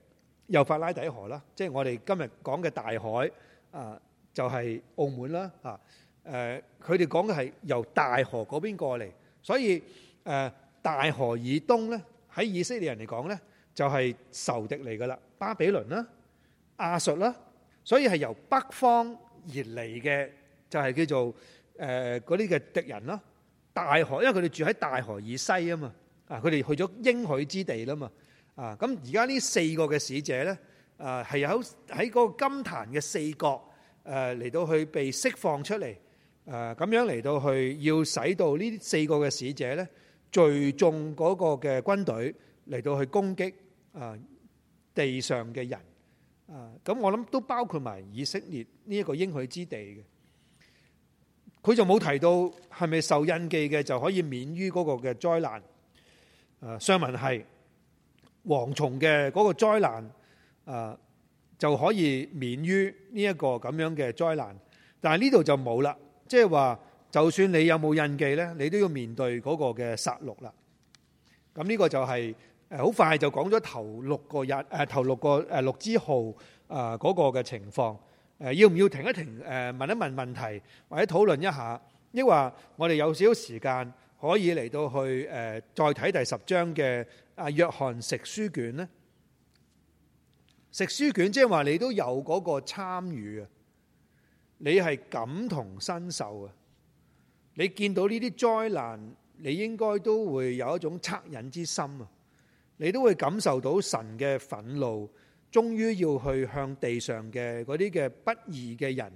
幼發拉底河啦，即係我哋今日講嘅大海啊，就係澳門啦嚇，誒佢哋講嘅係由大河嗰邊過嚟，所以誒大河以東咧，喺以色列人嚟講咧就係仇敵嚟噶啦，巴比倫啦、亞述啦，所以係由北方而嚟嘅。就係叫做誒嗰啲嘅敵人咯，大河，因為佢哋住喺大河以西啊嘛，啊佢哋去咗應許之地啦嘛，啊咁而家呢四個嘅使者咧，啊係喺喺嗰個金壇嘅四角誒嚟到去被釋放出嚟，誒咁樣嚟到去要使到呢四個嘅使者咧，聚眾嗰個嘅軍隊嚟到去攻擊啊地上嘅人，啊咁我諗都包括埋以色列呢一個應許之地嘅。佢就冇提到係咪受印記嘅就可以免於嗰個嘅災難？誒，上文係蝗蟲嘅嗰個災難，啊，就可以免於呢一個咁樣嘅災難。但係呢度就冇啦，即係話就算你有冇印記咧，你都要面對嗰個嘅殺戮啦。咁、這、呢個就係誒好快就講咗頭六個日誒頭六個誒、啊六，啊、六之號誒嗰個嘅情況。誒，要唔要停一停？誒，問一問問題，或者討論一下，抑或我哋有少少時間可以嚟到去誒、呃，再睇第十章嘅約翰食書卷呢？食書卷即係話你都有嗰個參與啊，你係感同身受啊，你見到呢啲災難，你應該都會有一種惻隱之心啊，你都會感受到神嘅憤怒。終於要去向地上嘅嗰啲嘅不義嘅人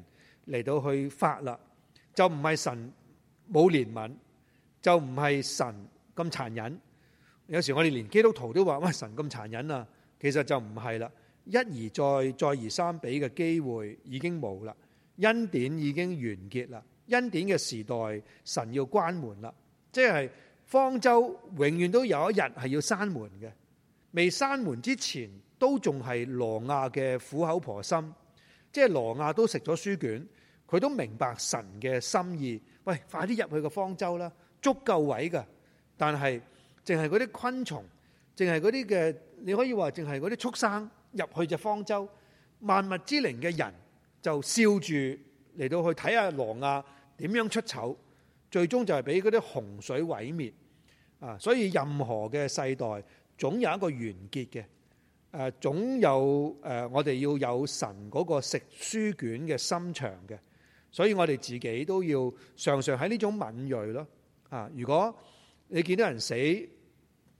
嚟到去發啦，就唔係神冇憐憫，就唔係神咁殘忍。有時我哋連基督徒都話：喂，神咁殘忍啊！其實就唔係啦。一而再，再而三，俾嘅機會已經冇啦，恩典已經完結啦。恩典嘅時代，神要關門啦，即係方舟永遠都有一日係要閂門嘅。未閂門之前，都仲係羅亞嘅苦口婆心，即係羅亞都食咗書卷，佢都明白神嘅心意。喂，快啲入去個方舟啦，足夠位㗎。但係淨係嗰啲昆蟲，淨係嗰啲嘅，你可以話淨係嗰啲畜生入去隻方舟。萬物之靈嘅人就笑住嚟到去睇下羅亞點樣出醜，最終就係俾嗰啲洪水毀滅啊！所以任何嘅世代總有一個完結嘅。誒總有誒，我哋要有神嗰個食書卷嘅心腸嘅，所以我哋自己都要常常喺呢種敏鋭咯。啊，如果你見到人死，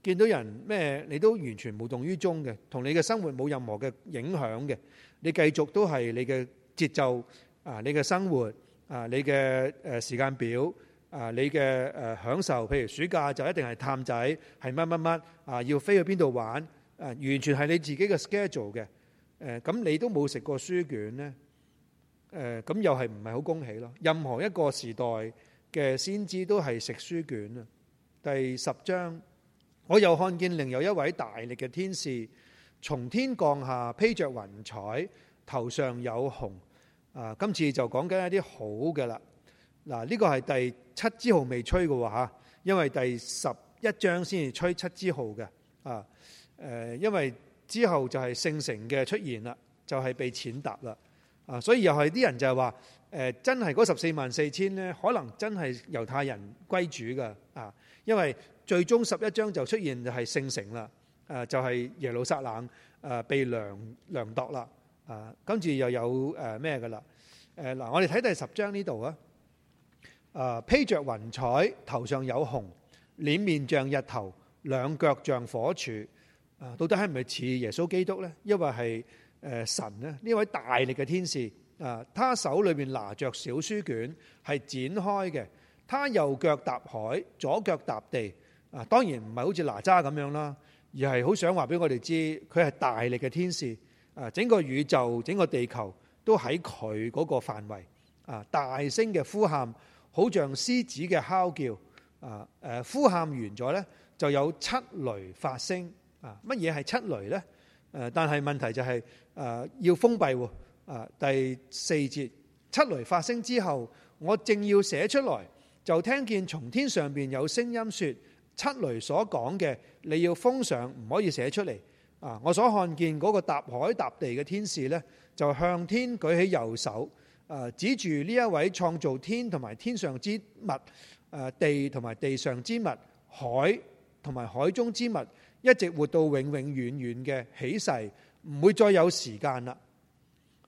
見到人咩，你都完全無動於衷嘅，同你嘅生活冇任何嘅影響嘅，你繼續都係你嘅節奏啊，你嘅生活啊，你嘅誒時間表啊，你嘅誒享受，譬如暑假就一定係探仔，係乜乜乜啊，要飛去邊度玩。完全係你自己嘅 schedule 嘅，咁你都冇食過書卷呢。誒，咁又係唔係好恭喜咯？任何一個時代嘅先知都係食書卷啊。第十章，我又看見另有一位大力嘅天使從天降下，披着雲彩，頭上有虹。啊，今次就講緊一啲好嘅啦。嗱，呢個係第七支號未吹嘅話，因為第十一章先至吹七支號嘅啊。誒，因為之後就係聖城嘅出現啦，就係被踐踏啦。啊，所以又係啲人就係話誒，真係嗰十四萬四千呢，可能真係猶太人歸主噶啊。因為最終十一章就出現就係聖城啦，誒就係耶路撒冷誒被量量度啦。啊，跟住又有誒咩嘅啦？誒嗱，我哋睇第十章呢度啊，啊，披着雲彩，頭上有虹，臉面像日頭，兩腳像火柱。啊！到底係唔係似耶穌基督呢？因為係誒神呢，呢位大力嘅天使啊，他手裏邊拿著小書卷係展開嘅，他右腳踏海，左腳踏地啊。當然唔係好似哪吒咁樣啦，而係好想話俾我哋知佢係大力嘅天使啊。整個宇宙、整個地球都喺佢嗰個範圍啊！大聲嘅呼喊，好像獅子嘅敲叫啊誒！呼喊完咗呢，就有七雷發聲。乜嘢係七雷呢？但係問題就係、是、誒、呃、要封閉喎。啊，第四節七雷發聲之後，我正要寫出來，就聽見從天上邊有聲音說：七雷所講嘅你要封上，唔可以寫出嚟。啊，我所看見嗰個踏海踏地嘅天使呢，就向天舉起右手，誒、啊、指住呢一位創造天同埋天上之物，誒、啊、地同埋地上之物，海同埋海中之物。一直活到永永遠遠嘅起誓，唔會再有時間啦。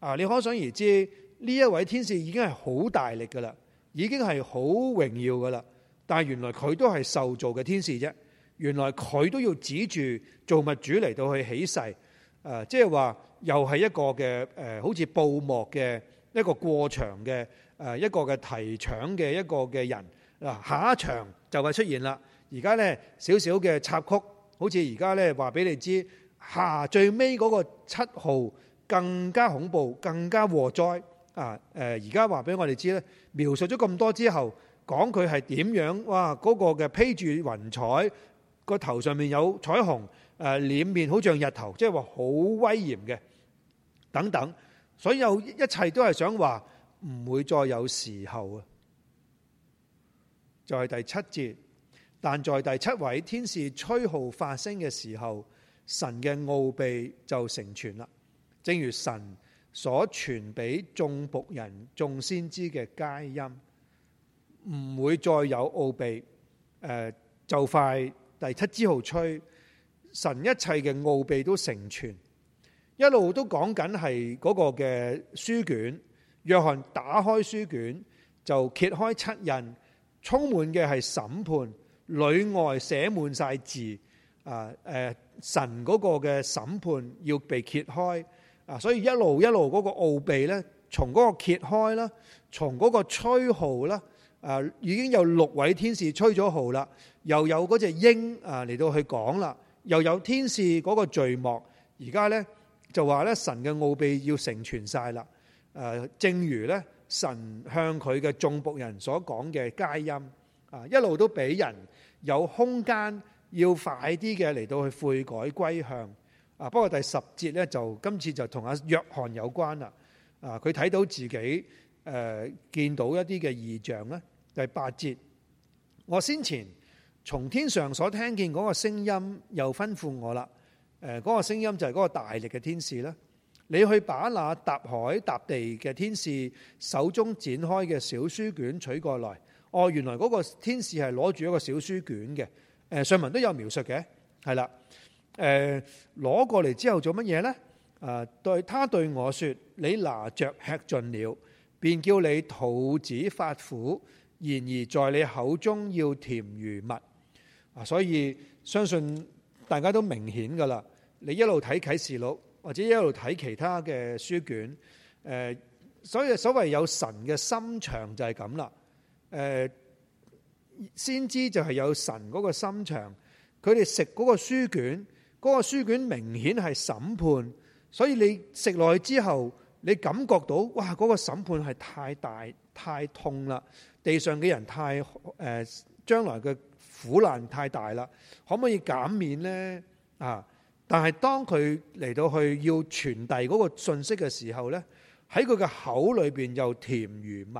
啊，你可想而知呢一位天使已經係好大力噶啦，已經係好榮耀噶啦。但係原來佢都係受造嘅天使啫。原來佢都要指住造物主嚟到去起誓。誒、呃，即係話又係一個嘅誒、呃，好似布幕嘅一個過場嘅誒、呃，一個嘅提搶嘅一個嘅人嗱、呃，下一場就會出現啦。而家呢，少少嘅插曲。好似而家呢，話俾你知下最尾嗰個七號更加恐怖、更加禍災啊！誒、呃，而家話俾我哋知呢描述咗咁多之後，講佢係點樣？哇！嗰、那個嘅披住雲彩，個頭上面有彩虹，誒、呃，臉面好像日頭，即係話好威嚴嘅等等。所以有一切都係想話唔會再有時候啊！就係、是、第七節。但在第七位天使吹號發聲嘅時候，神嘅奧秘就成全啦。正如神所傳俾眾僕人、眾先知嘅佳音，唔會再有奧秘。誒、呃，就快第七支號吹，神一切嘅奧秘都成全。一路都講緊係嗰個嘅書卷。約翰打開書卷就揭開七印，充滿嘅係審判。裏外寫滿晒字，啊誒、呃，神嗰個嘅審判要被揭開，啊，所以一路一路嗰個奧秘咧，從嗰個揭開啦，從嗰個吹號啦，啊，已經有六位天使吹咗號啦，又有嗰隻鷹啊嚟到去講啦，又有天使嗰個序幕，而家咧就話咧神嘅奧秘要成全晒啦，誒、啊，正如咧神向佢嘅眾僕人所講嘅佳音。一路都俾人有空間，要快啲嘅嚟到去悔改歸向。啊，不過第十節呢，就今次就同阿約翰有關啦。啊，佢睇到自己誒、呃、見到一啲嘅異象呢。第八節，我先前從天上所聽見嗰個聲音又吩咐我啦。誒、呃，嗰、那個聲音就係嗰個大力嘅天使啦。你去把那踏海踏地嘅天使手中展開嘅小書卷取過來。哦，原來嗰個天使係攞住一個小書卷嘅、呃，上文都有描述嘅，係啦，攞、呃、過嚟之後做乜嘢呢？誒、呃、對他對我說，你拿着吃盡了，便叫你肚子發苦；然而在你口中要甜如蜜。啊，所以相信大家都明顯噶啦，你一路睇啟示錄，或者一路睇其他嘅書卷、呃，所以所謂有神嘅心腸就係咁啦。誒，先知就係有神嗰個心腸，佢哋食嗰個書卷，嗰個書卷明顯係審判，所以你食落去之後，你感覺到哇，嗰個審判係太大太痛啦，地上嘅人太誒將來嘅苦難太大啦，可唔可以減免呢？啊？但係當佢嚟到去要傳遞嗰個信息嘅時候呢，喺佢嘅口裏邊又甜如蜜，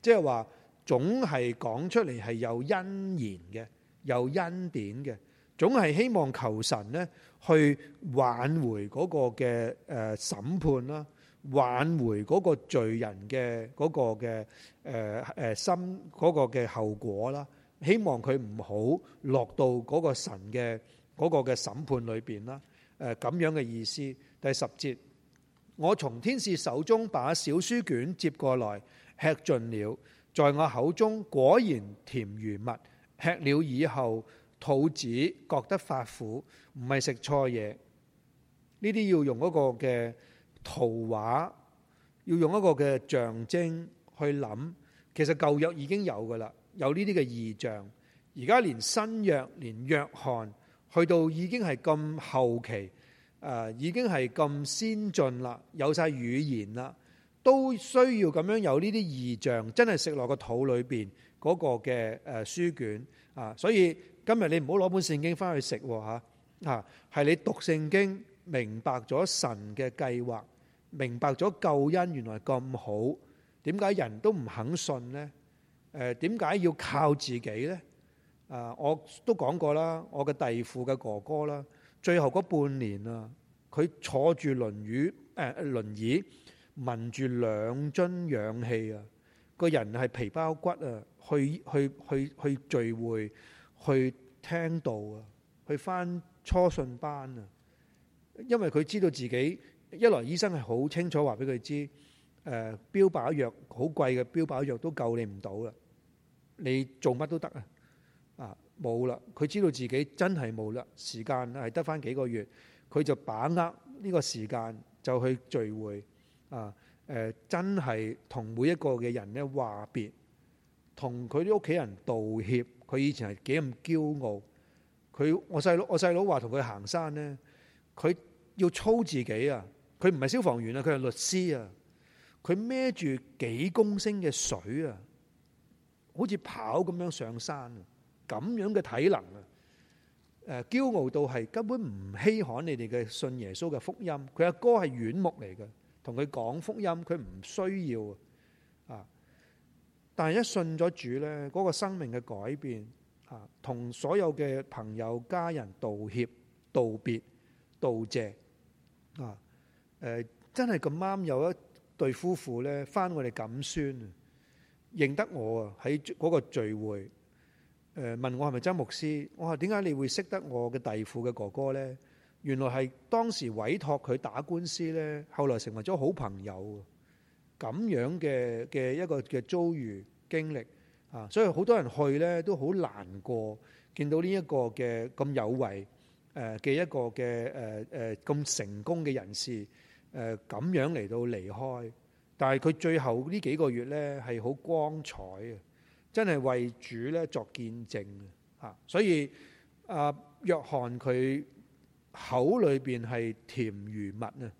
即係話。總係講出嚟係有恩言嘅，有恩典嘅，總係希望求神咧去挽回嗰個嘅誒審判啦，挽回嗰個罪人嘅嗰個嘅誒誒心嗰個嘅後果啦。希望佢唔好落到嗰個神嘅嗰個嘅審判裏邊啦。誒咁樣嘅意思。第十節，我從天使手中把小書卷接過來，吃盡了。在我口中果然甜如蜜，吃了以後肚子覺得發苦，唔係食錯嘢。呢啲要用一個嘅圖畫，要用一個嘅象徵去諗。其實舊約已經有噶啦，有呢啲嘅異象。而家連新約，連約翰去到已經係咁後期，誒，已經係咁先進啦，有晒語言啦。都需要咁樣有呢啲異象，真係食落個肚裏邊嗰個嘅誒書卷啊！所以今日你唔好攞本聖經返去食喎嚇嚇，係你讀聖經明白咗神嘅計劃，明白咗救恩原來咁好，點解人都唔肯信呢？誒，點解要靠自己呢？啊，我都講過啦，我嘅弟父嘅哥哥啦，最後嗰半年啊，佢坐住輪椅誒輪椅。呃輪椅。聞住兩樽氧氣啊！個人係皮包骨啊，去去去去聚會，去聽道啊，去翻初信班啊。因為佢知道自己一來，醫生係好清楚話俾佢知，誒、呃，標靶藥好貴嘅，標靶藥都救你唔到啦。你做乜都得啊，啊冇啦。佢知道自己真係冇啦，時間係得翻幾個月，佢就把握呢個時間就去聚會。啊！誒、呃，真係同每一個嘅人咧話別，同佢啲屋企人道歉。佢以前係幾咁驕傲。佢我細佬，我細佬話同佢行山咧，佢要操自己啊！佢唔係消防員啊，佢係律師啊！佢孭住幾公升嘅水啊，好似跑咁樣上山啊！咁樣嘅體能啊！誒、呃，驕傲到係根本唔稀罕你哋嘅信耶穌嘅福音。佢阿哥係軟木嚟嘅。同佢講福音，佢唔需要啊！但係一信咗主呢，嗰、那個生命嘅改變啊，同所有嘅朋友家人道歉、道別、道謝啊！誒，真係咁啱有一對夫婦呢，翻我哋錦孫，認得我啊！喺嗰個聚會誒問我係咪曾牧師，我話點解你會識得我嘅弟父嘅哥哥呢？原來係當時委託佢打官司呢，後來成為咗好朋友。咁樣嘅嘅一個嘅遭遇經歷啊，所以好多人去呢都好難過，見到呢一個嘅咁有為誒嘅一個嘅誒誒咁成功嘅人士誒咁樣嚟到離開，但係佢最後呢幾個月呢係好光彩，真係為主呢作見證啊！所以啊約翰佢。口裏邊係甜如蜜啊！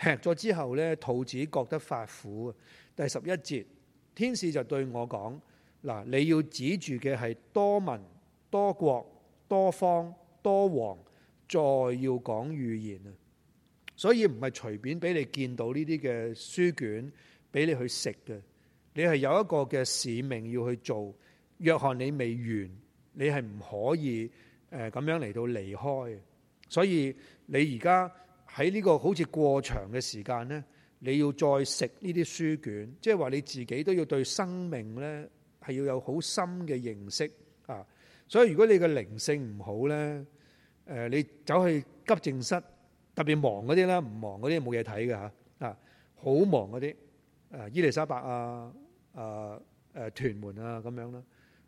吃咗之後咧，肚子覺得發苦啊。第十一節，天使就對我講：嗱，你要指住嘅係多民、多國、多方、多王，再要講預言啊！所以唔係隨便俾你見到呢啲嘅書卷俾你去食嘅，你係有一個嘅使命要去做。約翰，你未完，你係唔可以誒咁樣嚟到離開。所以你而家喺呢個好似過長嘅時間咧，你要再食呢啲書卷，即係話你自己都要對生命咧係要有好深嘅認識啊！所以如果你嘅靈性唔好咧，誒你走去急症室，特別忙嗰啲啦，唔忙嗰啲冇嘢睇㗎吓啊！好忙嗰啲，誒伊利沙伯啊、誒、啊、誒屯門啊咁樣啦，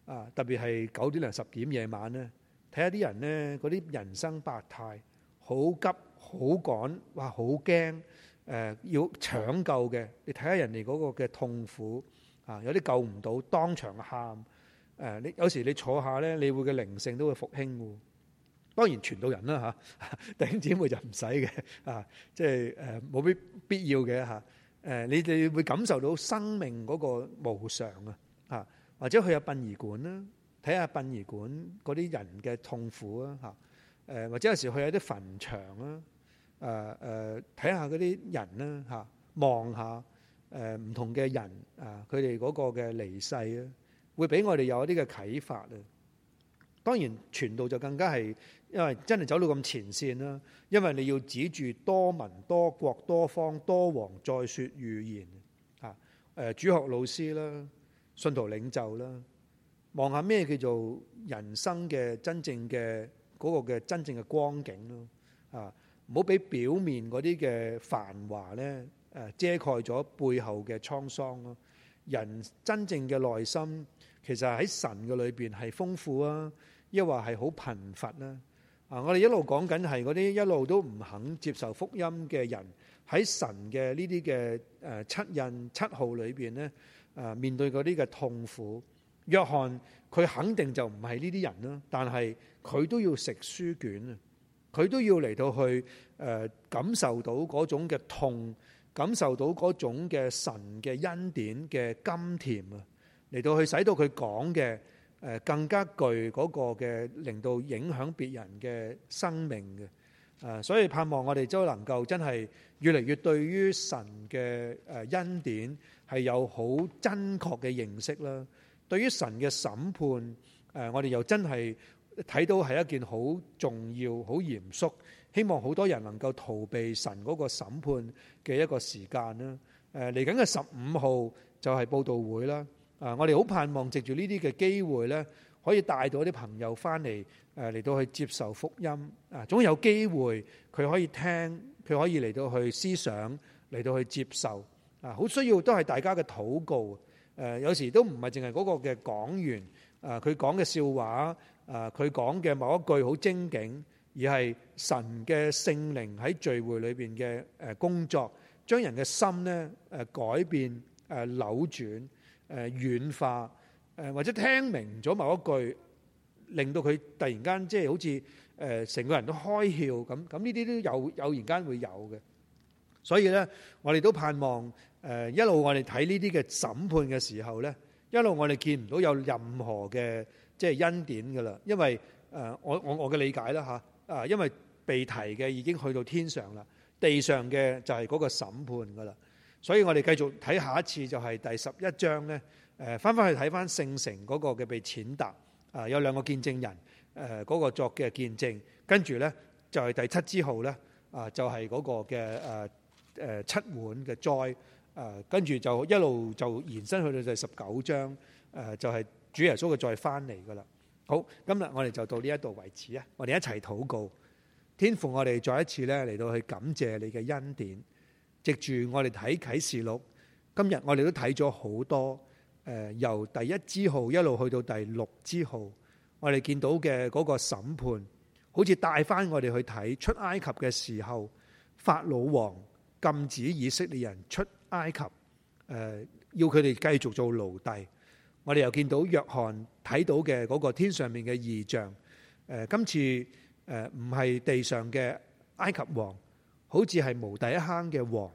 啊特別係九點零十點夜晚咧。睇下啲人咧，嗰啲人生百態，好急好趕，哇！好驚，誒要搶救嘅。你睇下人哋嗰個嘅痛苦啊，有啲救唔到，當場喊。誒，你有時你坐下咧，你會嘅靈性都會復興嘅。當然傳到人啦嚇，弟兄姊妹就唔使嘅啊，即係誒冇必必要嘅嚇。誒，你哋會感受到生命嗰個無常啊啊，或者去下殯儀館啦。睇下殯儀館嗰啲人嘅痛苦啊嚇，誒或者有時去一啲墳場啊，誒誒睇下嗰啲人啦嚇，望下誒唔同嘅人啊，佢哋嗰個嘅離世啊，會俾我哋有一啲嘅啟發啊。當然傳道就更加係，因為真係走到咁前線啦，因為你要指住多民多國多方多王再説預言啊，誒主學老師啦，信徒領袖啦。望下咩叫做人生嘅真正嘅嗰、嗰個嘅真正嘅光景咯，啊，唔好俾表面嗰啲嘅繁華咧，誒、啊、遮蓋咗背後嘅滄桑咯、啊。人真正嘅內心，其實喺神嘅裏邊係豐富啊，抑或係好貧乏啦、啊。啊，我哋一路講緊係嗰啲一路都唔肯接受福音嘅人，喺神嘅呢啲嘅誒七印七號裏邊咧，誒、啊、面對嗰啲嘅痛苦。約翰佢肯定就唔係呢啲人啦，但係佢都要食書卷啊，佢都要嚟到去誒感受到嗰種嘅痛，感受到嗰種嘅神嘅恩典嘅甘甜啊，嚟到去使到佢講嘅誒更加具嗰個嘅，令到影響別人嘅生命嘅誒，所以盼望我哋都能夠真係越嚟越對於神嘅誒恩典係有好真確嘅認識啦。對於神嘅審判，誒，我哋又真係睇到係一件好重要、好嚴肅，希望好多人能夠逃避神嗰個審判嘅一個時間啦。誒，嚟緊嘅十五號就係佈道會啦。啊，我哋好盼望藉住呢啲嘅機會咧，可以帶到啲朋友返嚟，誒嚟到去接受福音啊。總有機會佢可以聽，佢可以嚟到去思想，嚟到去接受啊。好需要都係大家嘅禱告。誒有時都唔係淨係嗰個嘅講員，誒佢講嘅笑話，誒佢講嘅某一句好精警，而係神嘅聖靈喺聚會裏邊嘅誒工作，將人嘅心咧誒改變、誒扭轉、誒軟化，誒或者聽明咗某一句，令到佢突然間即係好似誒成個人都開竅咁，咁呢啲都有偶然間會有嘅。所以咧，我哋都盼望誒一路我哋睇呢啲嘅審判嘅時候咧，一路我哋見唔到有任何嘅即係恩典噶啦，因為誒我我我嘅理解啦嚇啊，因為被提嘅已經去到天上啦，地上嘅就係嗰個審判噶啦，所以我哋繼續睇下一次就係第十一章咧誒，翻翻去睇翻聖城嗰個嘅被踐踏，啊，有兩個見證人誒嗰、嗰個作嘅見證，跟住咧就係第七之號咧啊，就係嗰個嘅誒。誒七碗嘅災，誒跟住就一路就延伸去到就十九章，誒、呃、就係、是、主耶穌嘅再返嚟噶啦。好，今日我哋就到呢一度為止啊！我哋一齊禱告，天父，我哋再一次咧嚟到去感謝你嘅恩典。藉住我哋睇啟示錄，今日我哋都睇咗好多誒、呃，由第一支號一路去到第六支號，我哋見到嘅嗰個審判，好似帶返我哋去睇出埃及嘅時候，法老王，禁止以色列人出埃及，誒，要佢哋繼續做奴隸。我哋又見到約翰睇到嘅嗰個天上面嘅異象，誒，今次誒唔係地上嘅埃及王，好似係無底坑嘅王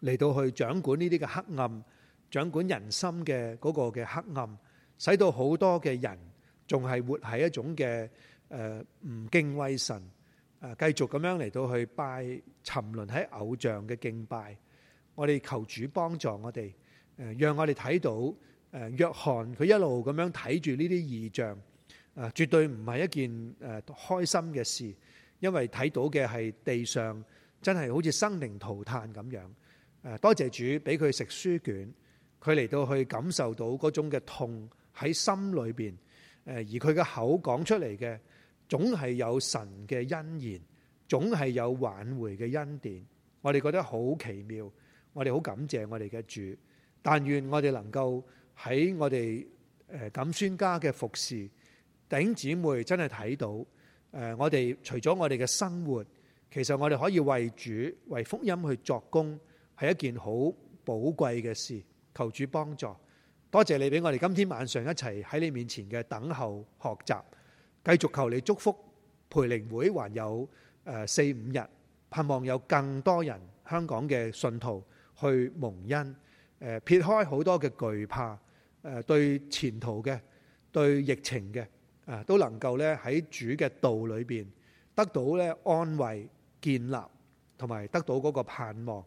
嚟到去掌管呢啲嘅黑暗，掌管人心嘅嗰個嘅黑暗，使到好多嘅人仲係活喺一種嘅誒唔敬畏神。誒繼續咁樣嚟到去拜沉淪喺偶像嘅敬拜，我哋求主幫助我哋，誒讓我哋睇到誒約翰佢一路咁樣睇住呢啲異象，絕對唔係一件誒開心嘅事，因為睇到嘅係地上真係好似生靈塗炭咁樣。誒多謝主俾佢食書卷，佢嚟到去感受到嗰種嘅痛喺心裏面，誒而佢嘅口講出嚟嘅。總係有神嘅恩言，總係有挽回嘅恩典。我哋覺得好奇妙，我哋好感謝我哋嘅主。但願我哋能夠喺我哋誒錦孫家嘅服侍，弟兄姊妹真係睇到誒、呃，我哋除咗我哋嘅生活，其實我哋可以為主為福音去作工，係一件好寶貴嘅事。求主幫助，多謝你俾我哋今天晚上一齊喺你面前嘅等候學習。繼續求你祝福培靈會，還有誒四五日，盼望有更多人香港嘅信徒去蒙恩。誒，撇開好多嘅懼怕，誒對前途嘅，對疫情嘅，誒都能夠咧喺主嘅道裏邊得到咧安慰、建立，同埋得到嗰個盼望。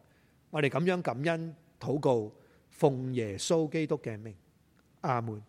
我哋咁樣感恩禱告，奉耶穌基督嘅名，阿門。